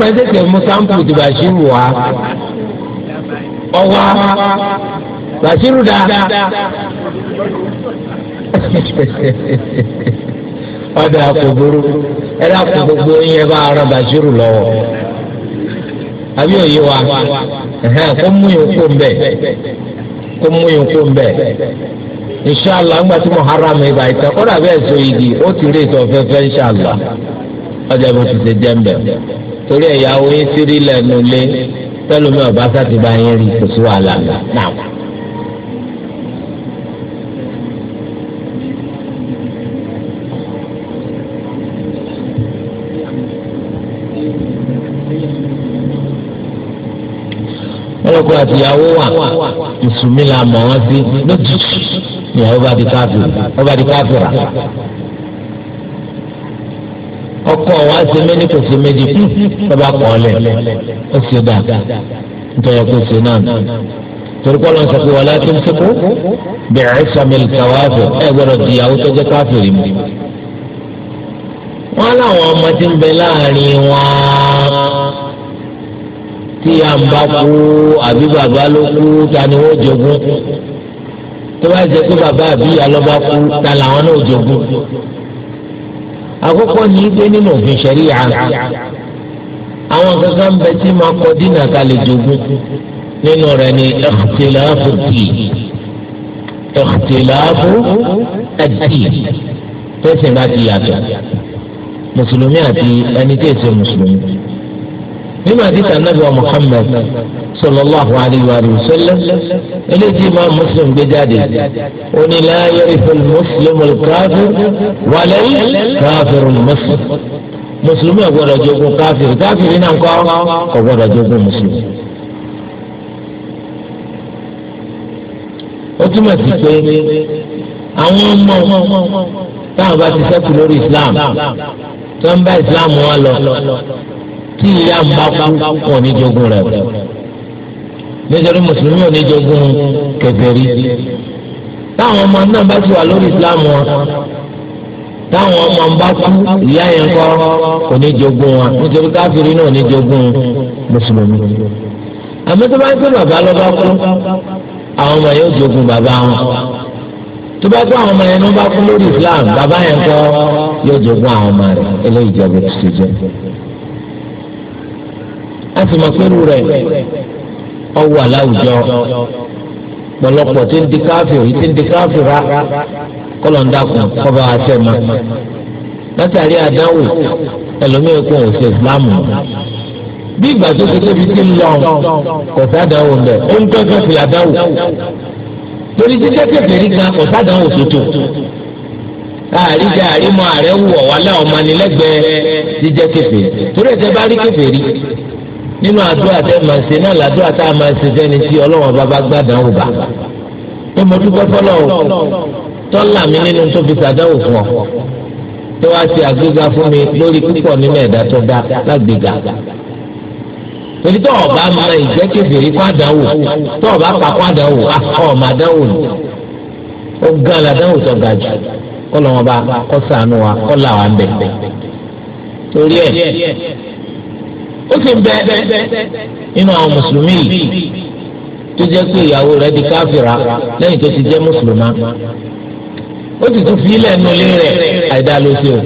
máa ń tètè mú sáǹpù tó bá ṣe rú ọwọ́ bá ṣe rú dáadáa ọdọ akogoro ẹdọ yẹn bá ara bá ṣe rú lọ́wọ́ àbí òye wa. kó mú yòókù mbẹ kó mú yòókù mbẹ inshallah ńgbà tí muharram ibà ìtàn kó dàbí ẹ̀sọ́ igi ó ti rí ìtàn fẹ́fẹ́ inshallah ọjà bó ti ṣe jẹ́ mbẹ torí ẹ̀yàwó yín sírí lẹ́nu lé tẹ́lómi ọ̀bá sátìbá yín rí kò sí wàhálà náà. ìyàwó wà mùsùlùmí la mọ̀ wọ́n sí lójijì ìyàwó bá di káfíìrì ó bá di káfíìrà ọkọ wa ṣe méjì kò ṣe méjì bàbá kọ́ ọ lẹ̀ ó ṣe dà nítorí kò ṣe náà torí kọ́ ló ń sọ pé wàlá tó ń sọ kó bẹ̀rẹ̀ sàmìlì káwáfẹ̀ ẹ gbọ́dọ̀ di ìyàwó tó jẹ́ káfíìrì mi wọn làwọn ọmọ tí ń bẹ láàrin wọn tí à ń bá kú àbí bàbá ló kú ta ni wọ́n jogún tó bá jẹ́ pé bàbá àbí ìyá ló bá kú ta làwọn náà jogún. àkọ́kọ́ ní í gbé nínú òfin ṣẹ̀ríyà àwọn kankan bẹ tí máa kọ dínà ká lè jogún nínú rẹ̀ ni ikhtilafu dì ikhtilafu dì tẹ̀sán bá ti yàtọ̀ mùsùlùmí àti ẹni tẹ̀sán mùsùlùmí nínú àdìsí anábì wa Muhammad sallallahu alayhi wa sallam eléyìí máa muslim gbé jáde oní la yarithul muslimu al-kafir wala al-kafiru al-muslim mùsùlùmí ò gbọ́dọ̀ jogún káfíìrì káfíìrì náà kọ́ ò gbọ́dọ̀ jogún mùsùlùmí. ó túmọ̀ sí pé àwọn ọmọ táwọn bá ti ṣẹ́kù lórí Islam tó ń bá Islam wọn lọ tí ìyá ń bá kú kọ̀ ní jogún rẹ̀ nítorí mùsùlùmí ò ní jogún táwọn ọmọ náà bá ti wà lórí islam wọn táwọn ọmọ ń bá kú ìyá yẹn kọ́ kò ní jogún wa nítorí káfíìrì náà ní jogún mùsùlùmí àmọ́ tó bá ń pè bàbá lọ bá kú àwọn ọmọ yóò jogún bàbá wọn tó bá tó àwọn ọmọ yẹn ló bá kú lórí islam bàbá yẹn kọ́ yóò jogún àwọn ọmọ rẹ̀ eléyìí a sì mọ̀ pẹ́rù rẹ̀ ọwọ́ aláwùjọ pọ̀lọpọ̀ tí ń di káfíìrì tí ń di káfíìrì rà kọ́lọ̀ ń dàkùn kọ́ba àfẹ́ ma látàrí àdánwò ẹlòmíràn kò ń ṣe ìsìlámù bí ìgbà tó ti tóbi ti ń lọ kò sádàwò ń bẹ ó ń tọ́jú fi àdánwò torí jíjẹ́ kẹfẹ́rí gan kò sádàwò tó tó àárí jẹ àrímọ àrẹ wù ọ̀wálẹ̀ ọ̀mọ̀nilẹ́gbẹ̀ẹ́ jíjẹ́ kẹfẹ́rí torí ẹ̀jẹ̀ bá rí kẹfẹ́rí nínú àdúrà tẹ máa ṣe náà làdúrà tá a máa ṣe fẹ́ni tí ọlọ́wọ́n bàbá gbàdán wò bá pé mo dúpẹ́ fọlọ́ o tọ́lá mi nínú tó fi ṣàdánwò fún ọ tó wá ṣe àgbéga fún mi lórí púpọ̀ nínú ẹ̀dá tó dá lágbèga torí tó ọba máa ìjẹ́ kébèrè kó àdánwò tó ọba pa kó àdánwò ọmọ àdánwò ni ó gan làdánwò tó ga jù kọ́ lọ́wọ́n bá kọ́ sànú wa kọ́ làwọn bẹ̀ẹ̀ torí ẹ̀ ó sì ń bẹ nínú àwọn mùsùlùmí yìí tó jẹ́ pé ìyàwó rẹ̀ di káfíra lẹ́yìn tó ti jẹ́ mùsùlùmá ó sì tún fílẹ̀ nu ilé rẹ̀ àìdá ló ṣe o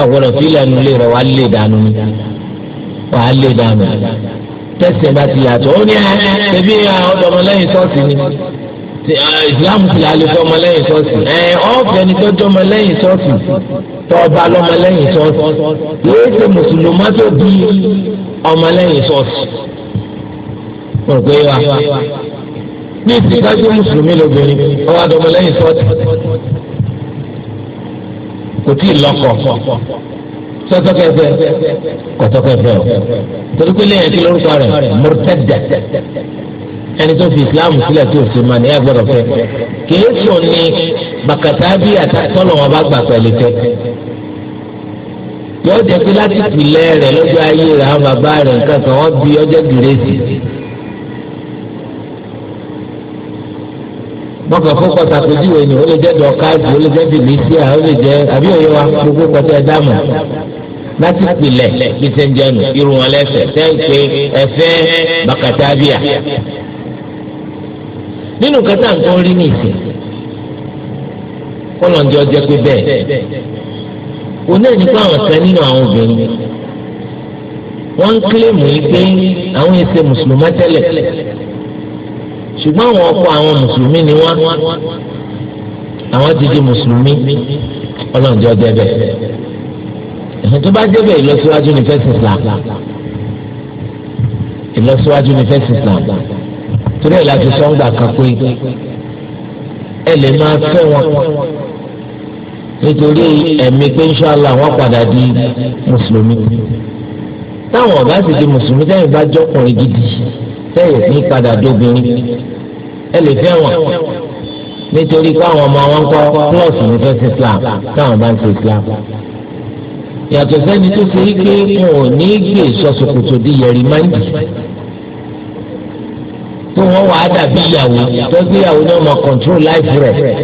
wọ́n gbọ́dọ̀ fílẹ̀ nu ilé rẹ̀ wàá lè dànù ni wàá lè dànù tẹ̀sẹ̀ bá ti yàtọ̀ ó ní ẹ ẹbí ọ̀dọ́mọlẹ́yìn sọ́ọ̀sì ni. Ah, islam ti alẹ́ fún ọmọlẹ́yìn sọ́ọ̀sì ẹ̀ ọ́ọ̀fẹ́ ni tó jọ ọmọlẹ́yìn sọ́ọ̀sì tó ọba lọ́mọlẹ́yìn sọ́ọ̀sì yóò ṣe mùsùlùmá tó bí ọmọlẹ́yìn sọ́ọ̀sì. mo rò pé wa bí ìtìkájú mùsùlùmí lóbìnrin ọwọ́ àdọ́mọlẹ́yìn sọ́ọ̀sì kò tí ì lọ́kọ̀ sọtọkẹfẹ kọtọkẹfẹ o torí pé lẹ́yìn kí lórúkọ rẹ̀ murtadda ẹni tó fi islam sílẹ̀ tó fi mọ̀ ní ẹ gbọ́dọ̀ fẹ́ kìí sùn ní bàkàtà bí àtàtọ́lọ̀ wọn bá gbà pẹ̀lú fẹ́ yóò jẹ́ pé láti pìlẹ̀ rẹ̀ lọ́jọ́ ayé rẹ̀ àwọn bàbá rẹ̀ nǹkan kan wọ́n bí ọjọ́ gírèsì. wọ́n kàn fún kọta àpèjúwe ni ó lè jẹ́ dọ̀káàdì ó lè jẹ́ bìlísíà ó lè jẹ́ àbí òye wa gbogbo kọta ẹ̀dá mọ̀ láti pìlẹ̀ bí sẹ́ńjẹ́nu irun wọn lẹ́sẹ̀ sẹ́ńpé ẹ̀fẹ́ bàkàtà bíà nínú kẹta nǹkan rí ní ìsìn kọlọ̀ndì ọjọ́ pé bẹ́ẹ̀ o náà nípa àwọn kan nínú àwọn obìnrin wọ́n ń kílèmù yìí pé àwọn èsè mùsùlùmá tẹ́lẹ̀ ṣùgbọ́n àwọn ọkọ àwọn mùsùlùmí ni wọ́n àwọn ti di mùsùlùmí ọlọ́ọ̀dẹ ọdẹ bẹ́ẹ̀ ẹ̀sìn tó bá débẹ̀ ìlọsíwájú ní fẹ́sìn Islam ìlọsíwájú ní fẹ́sìn Islam torí ẹ̀ láti sọ́ngbà kan pé ẹ lè máa fẹ́ wọn nítorí ẹ̀mí pé inṣọ́lá wọn padà di mùsùlùmí táwọn ọ̀gá sì di mùsùlùmí tẹ́yìn bá jọkùnrin gidi tẹ́yìn ní padà dóbìnrin ẹ lè fẹ́ wọn nítorí káwọn ọmọ wọn kọ́ kílọ̀sì ní fẹ́ẹ́ sí Islam táwọn bá ń ṣe Islam yàtọ̀ sẹ́ni tó ṣe é pé wọn ò ní gbé ìṣọ́sọkòtò di yẹ̀rì máa ń dì í tí wọ́n wàá dàbí ìyàwó tó gbé ìyàwó náà mọ̀ kọ̀ntrol láìfù rẹ̀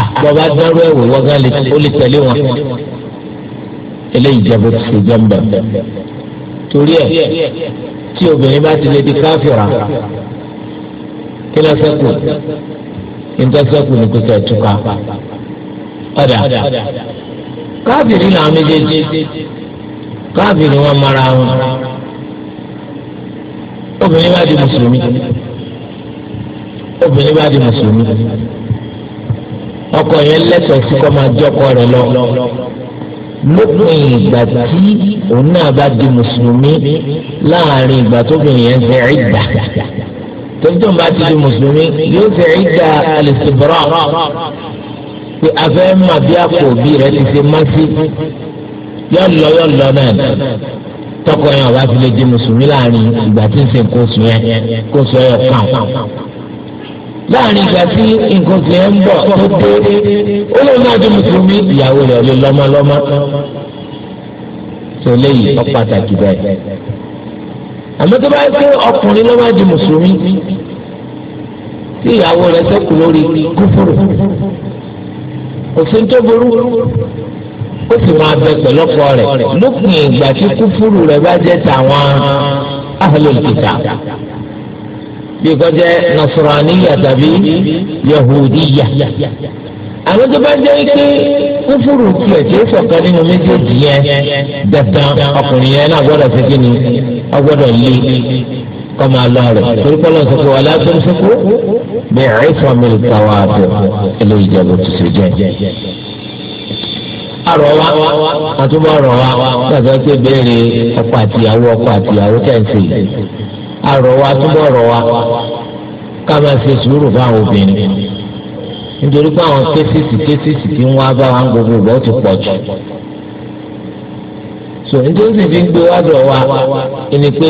ah, bọ́ba dárú ẹ̀wò wọ́gán ó lè tẹ̀lé wọn. eléyìí jẹ́ bó ti ṣe jẹ́ ń bẹ̀. torí ẹ̀ tí obìnrin bá ti lè di káfíra kí ló sẹ́kù níta sẹ́kù ní kò sẹ́ẹ̀ túká. ọ̀dà káfíìrì làwọn méjèèjì káfíìrì wọn mara wọn obìnrin bá di mùsùlùmí obìnrin bá di mùsùlùmí ọkọ yẹn lẹ́tọ̀ọ́ sí kó máa jọkọ rẹ̀ lọ lópin ìgbà tí òun náà bá di mùsùlùmí láàrin ìgbà tóbìnrin yẹn fẹ́ ìgbà tóbítọ́ bá ti di mùsùlùmí yóò fẹ́ ìgbà alìsìbọ́rọ̀ pé afẹ́ máa bí àpò òbí rẹ̀ ti ṣe má sí yọ lọ yọ lọ náà tọkọ yẹn ọba fi lè di mùsùlùmí láàrin ìgbà tí ń ṣe nǹkan yẹn kó oṣù kàn. láàrin ìgbà tí nǹkan fi ń bọ̀ tó dé olóòórùn náà di mùsùlùmí ìyàwó rẹ̀ lọ́mọlọ́mọ tó léyìí pàtàkì bẹ́ẹ̀. àmọ́ tó bá gbé ọkùnrin ló máa di mùsùlùmí tí ìyàwó rẹ̀ sẹ́kù lórí kúfùrù òfin tó burú ó sì máa bẹ pẹ̀lú rẹ̀ lópin ìgbà tí bí kọjá nasraniya tàbí yahudiya àwọn tó bá jẹ́ pé kúfúrú tiẹ̀ tí ó sọ̀kan nínú méjèèjì yẹn dandan ọkùnrin yẹn náà gbọ́dọ̀ ṣe kí ni ọgbọ́dọ̀ lé kọ́ máa lọ rẹ̀ torí kọ́ lọ́n sọ pé wà látọ́n sọ pé bẹ́ẹ̀ ẹ̀fọ́ mi ta wà bọ̀ eléyìí jẹ́ bó ṣe jẹ́. àrọ̀ wa àtúbọ̀ rọ̀ wa gbàgbọ́ pé béèrè ọkọ àtìyàwó ọkọ àtìyàwó kẹ́ǹsì A túbọ̀ wa ká máa ṣe sùúrù fáwọn obìnrin nítorí pé àwọn kéṣìṣì kéṣìṣì tí ń wá bá wa ó ti pọ̀ jù so nítorí sì fi ń gbé wádọ̀ wa ẹni pé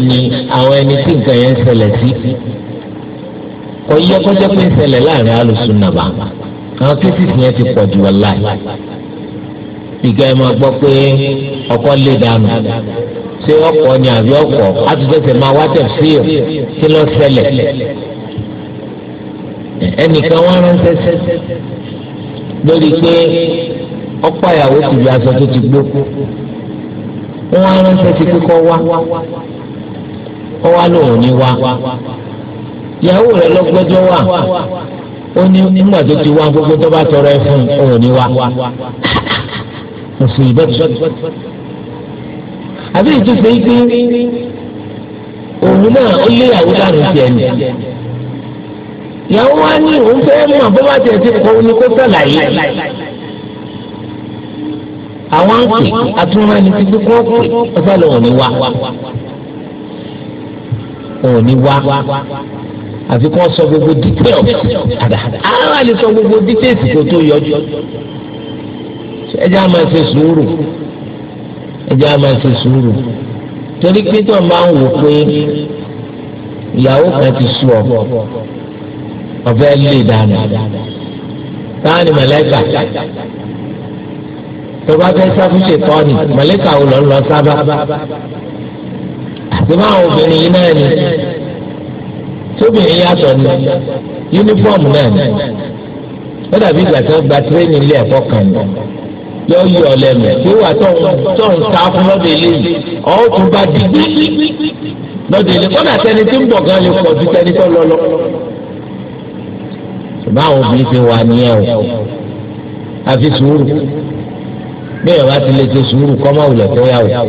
ni àwọn ẹni tí nǹkan yẹn ń ṣẹlẹ̀ sí kò yẹ kọjá pé ń ṣẹlẹ̀ láàrin bá àwọn kéṣìṣì yẹn ti pọ̀ jù wọ́n láì ìgbà ẹ̀ máa gbọ́ ṣé ọkọ̀ ni àbí ọkọ̀ àtúntẹ̀sẹ̀ máa wá tẹ̀síọ̀ kí ló ṣẹlẹ̀ ẹnìkan wọn ránṣẹ́ lórí pé ọkọ ìyàwó ti di aṣọ tó ti gbó wọn wá ránṣẹ́ ti kíkọ́ wá ó wá lóun ní wá ìyàwó rẹ̀ lọ́gbẹ́jọ́ wà ó ní nígbà tó ti wá gbogbo tó bá tọrọ ẹ fún òun ní wá mùsùlùmí bẹ́ẹ̀ àbí ìtúsẹ̀ yìí pé òun náà ó lé ìyàwó dànù tiẹ̀ nì. ìyàwó wa ní òun fẹ́ mọ̀ bó bá tiẹ̀ ti kọ́ ni kó sàlàyé. àwọn àpè àtúnwáni ti fi kọ́ pé ọba lọ́wọ́ ni wá. òun ni wá àfi kọ́ sọ gbogbo dítẹ́ọ̀ àdáhàdá. àwọn àlè sọ gbogbo dítẹ́ẹ̀sì kò tó yọjú. ẹ jẹ́ àmọ́ ẹ ṣe sùúrù ẹjẹ́ á máa ṣe sùúrù torí pé tó máa ń wò pé ìyàwó kan ti sú ọ ọ̀fẹ́ lè e dànù táwọn ni mọ̀lẹ́kà tó bá fẹ́ sáfúnṣe tọ́ ni mọ̀lẹ́kà ò lọ lọ sábà àti báwọn obìnrin yìí náà ni tóbìnrin yàtọ̀ ni yúnífọ̀mù náà ni ó dàbí ìgbà tí gba tírénì ilé ẹ̀kọ́ kan ni yóò yí ọ̀lẹ́ mi tí wà tó ń sá fún lọ́dọ̀ eléyìí ọ̀hún tún bá dìgbì lọ́dọ̀ eléyìí kọ́nà tẹni tí ń bọ̀ gan lè pọ̀ ju tẹni tó lọ lọ. ṣùgbọ́n àwọn obìnrin ti wà nìyẹn o àfi sùúrù bí ẹ̀ bá ti lè ṣe sùúrù kọ́ máa wùlẹ̀ tó yà wò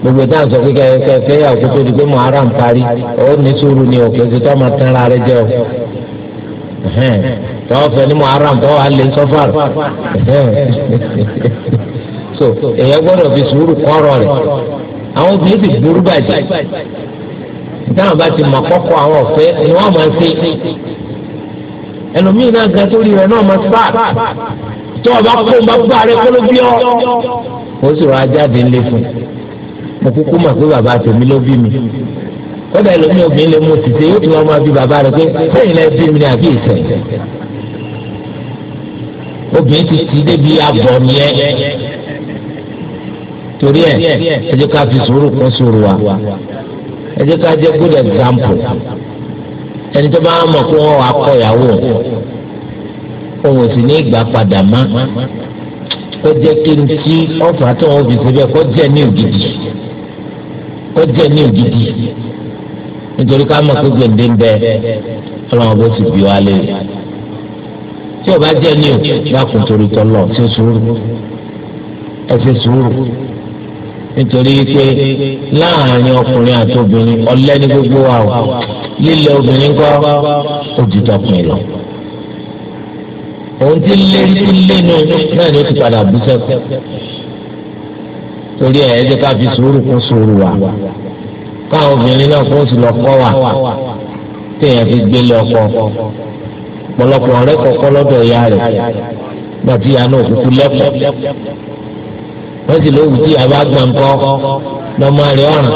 gbogbo táwọn sọ pé kẹkẹ yà kó tó di pé mọ ara ń parí ó ní sùúrù ni òkè ti tọ́ ma tán ara rẹ jẹ o. tọ́wọ́ fẹ́ ní muharam tọ́wọ́ alẹ́ sọ́fàr [LAUGHS] so èyẹ gbọ́dọ̀ fi sùúrù kọ́rọ̀ rẹ̀ àwọn obìnrin ti burú bàjẹ́ táwọn bá ti mọ̀ kọ́kọ́ àwọn ọ̀fẹ́ ni wọ́n máa ṣe ẹlòmíì náà gan sórí rẹ̀ náà máa tọ́wọ́ bá kó bá gbà kó ló bí ọ́ ó sì rọ kódà ẹlòmí obìnrin lè mú títí yóò tún ọmọ bí bàbá rẹ pé sẹ́yìn lẹ bí mi ní àbí ìsẹ̀ obìnrin ti ti débi abọ̀ nìyẹn torí ẹ ẹ jẹ́ ká fi sùúrù kún sùúrù wa ẹ jẹ́ ká jẹ́ good example ẹni tó bá mọ̀ kó wọn wà kọ ìyàwó òun sì ní ìgbà padà mọ́ kó jẹ́ kí n tí ọ̀fà tó wọn fi síbẹ̀ kó jẹ́ ní ògidì kó jẹ́ ní ògidì nítorí ká mọ̀ pé gbèǹde ń bẹ ọlọ́run bó ti bì wá lé tí o bá jẹ́ ní o dákun torí tọ́lọ̀ ṣe sùúrù ẹ ṣe sùúrù nítorí pé láàárín ọkùnrin àti obìnrin ọ̀lẹ ní gbogbo wa o lílẹ obìnrin kọ́ òjìtọ̀pin lọ òun ti lé ti lénu náà ni ó ti padà bú sẹ́kù torí ẹ̀ ẹ́ jẹ́ ká fi sùúrù kún sùúrù wa káwọn obìnrin náà fún oṣù lọ́kọ́ wà téèyàn fi gbélé ọkọ pọ̀lọpọ̀ ọ̀rẹ́ kọ́kọ́ lọ́dọ̀ ìyá rẹ̀ gbàtí ìyá náà kúkú lẹ́kọ̀ọ́ wọ́n sì lówù tí ìyá bá gbọ̀n kọ́ lọ́mọ rẹ̀ ọ̀ràn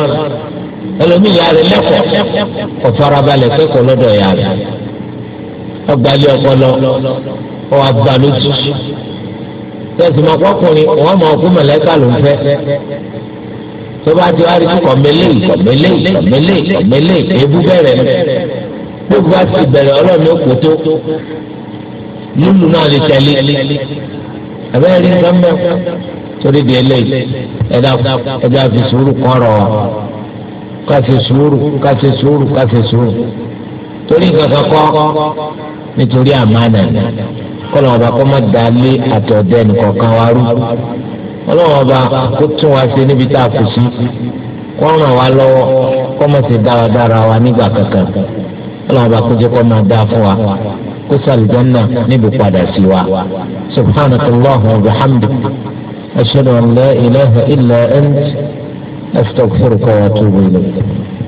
ẹlòmíì ìyá rẹ̀ lẹ́kọ̀ọ́ kò farabalẹ̀ kẹ́kọ̀ọ́ lọ́dọ̀ ìyá rẹ̀ ọgbàlẹ̀ ọkọ lọ ọ àgbà lójú tẹ̀sí ma kọ́kùnrin wọ́n mọ̀ ọkú mọ̀lẹ́kà ló ń fẹ́ tó bá ti wá rí kú kọ̀mẹ́lẹ́ kọ̀mẹ́lẹ́ kọ̀mẹ́lẹ́ kọ̀mẹ́lẹ́ ebú bẹ̀rẹ̀ ní gbogbo àti ìbẹ̀rẹ̀ ọlọ́ọ̀ni ó kò tó lúlù náà lè tẹ̀lé abẹ́rẹ́ rí gbọ́mọ̀ torí di eléyìí ẹ̀dá ẹ̀dá fi sùúrù kọ́rọ̀ ká ṣe sùúrù ká ṣe sùúrù ká ṣe sùúrù torí kankan kọ́ nítorí àmánà kọ́nà ọba kọ́ má dalé àtọ̀dẹ́nì kọ̀ọ̀kan rú ọlọ́wọ́n ọba kó tún wá ṣe níbi tá a kù sí kó ràn wá lọ́wọ́ kó má ṣe dáradára wa nígbà kankan ọlọ́wọ́n ọba kó jẹ́ kó máa dáa fún wa kó sàlìjánná níbi padà sí wa subhanakallahu wa bihamdik ashhadu an la ilaha illa ant astaghfiruka wa atubu ilayk.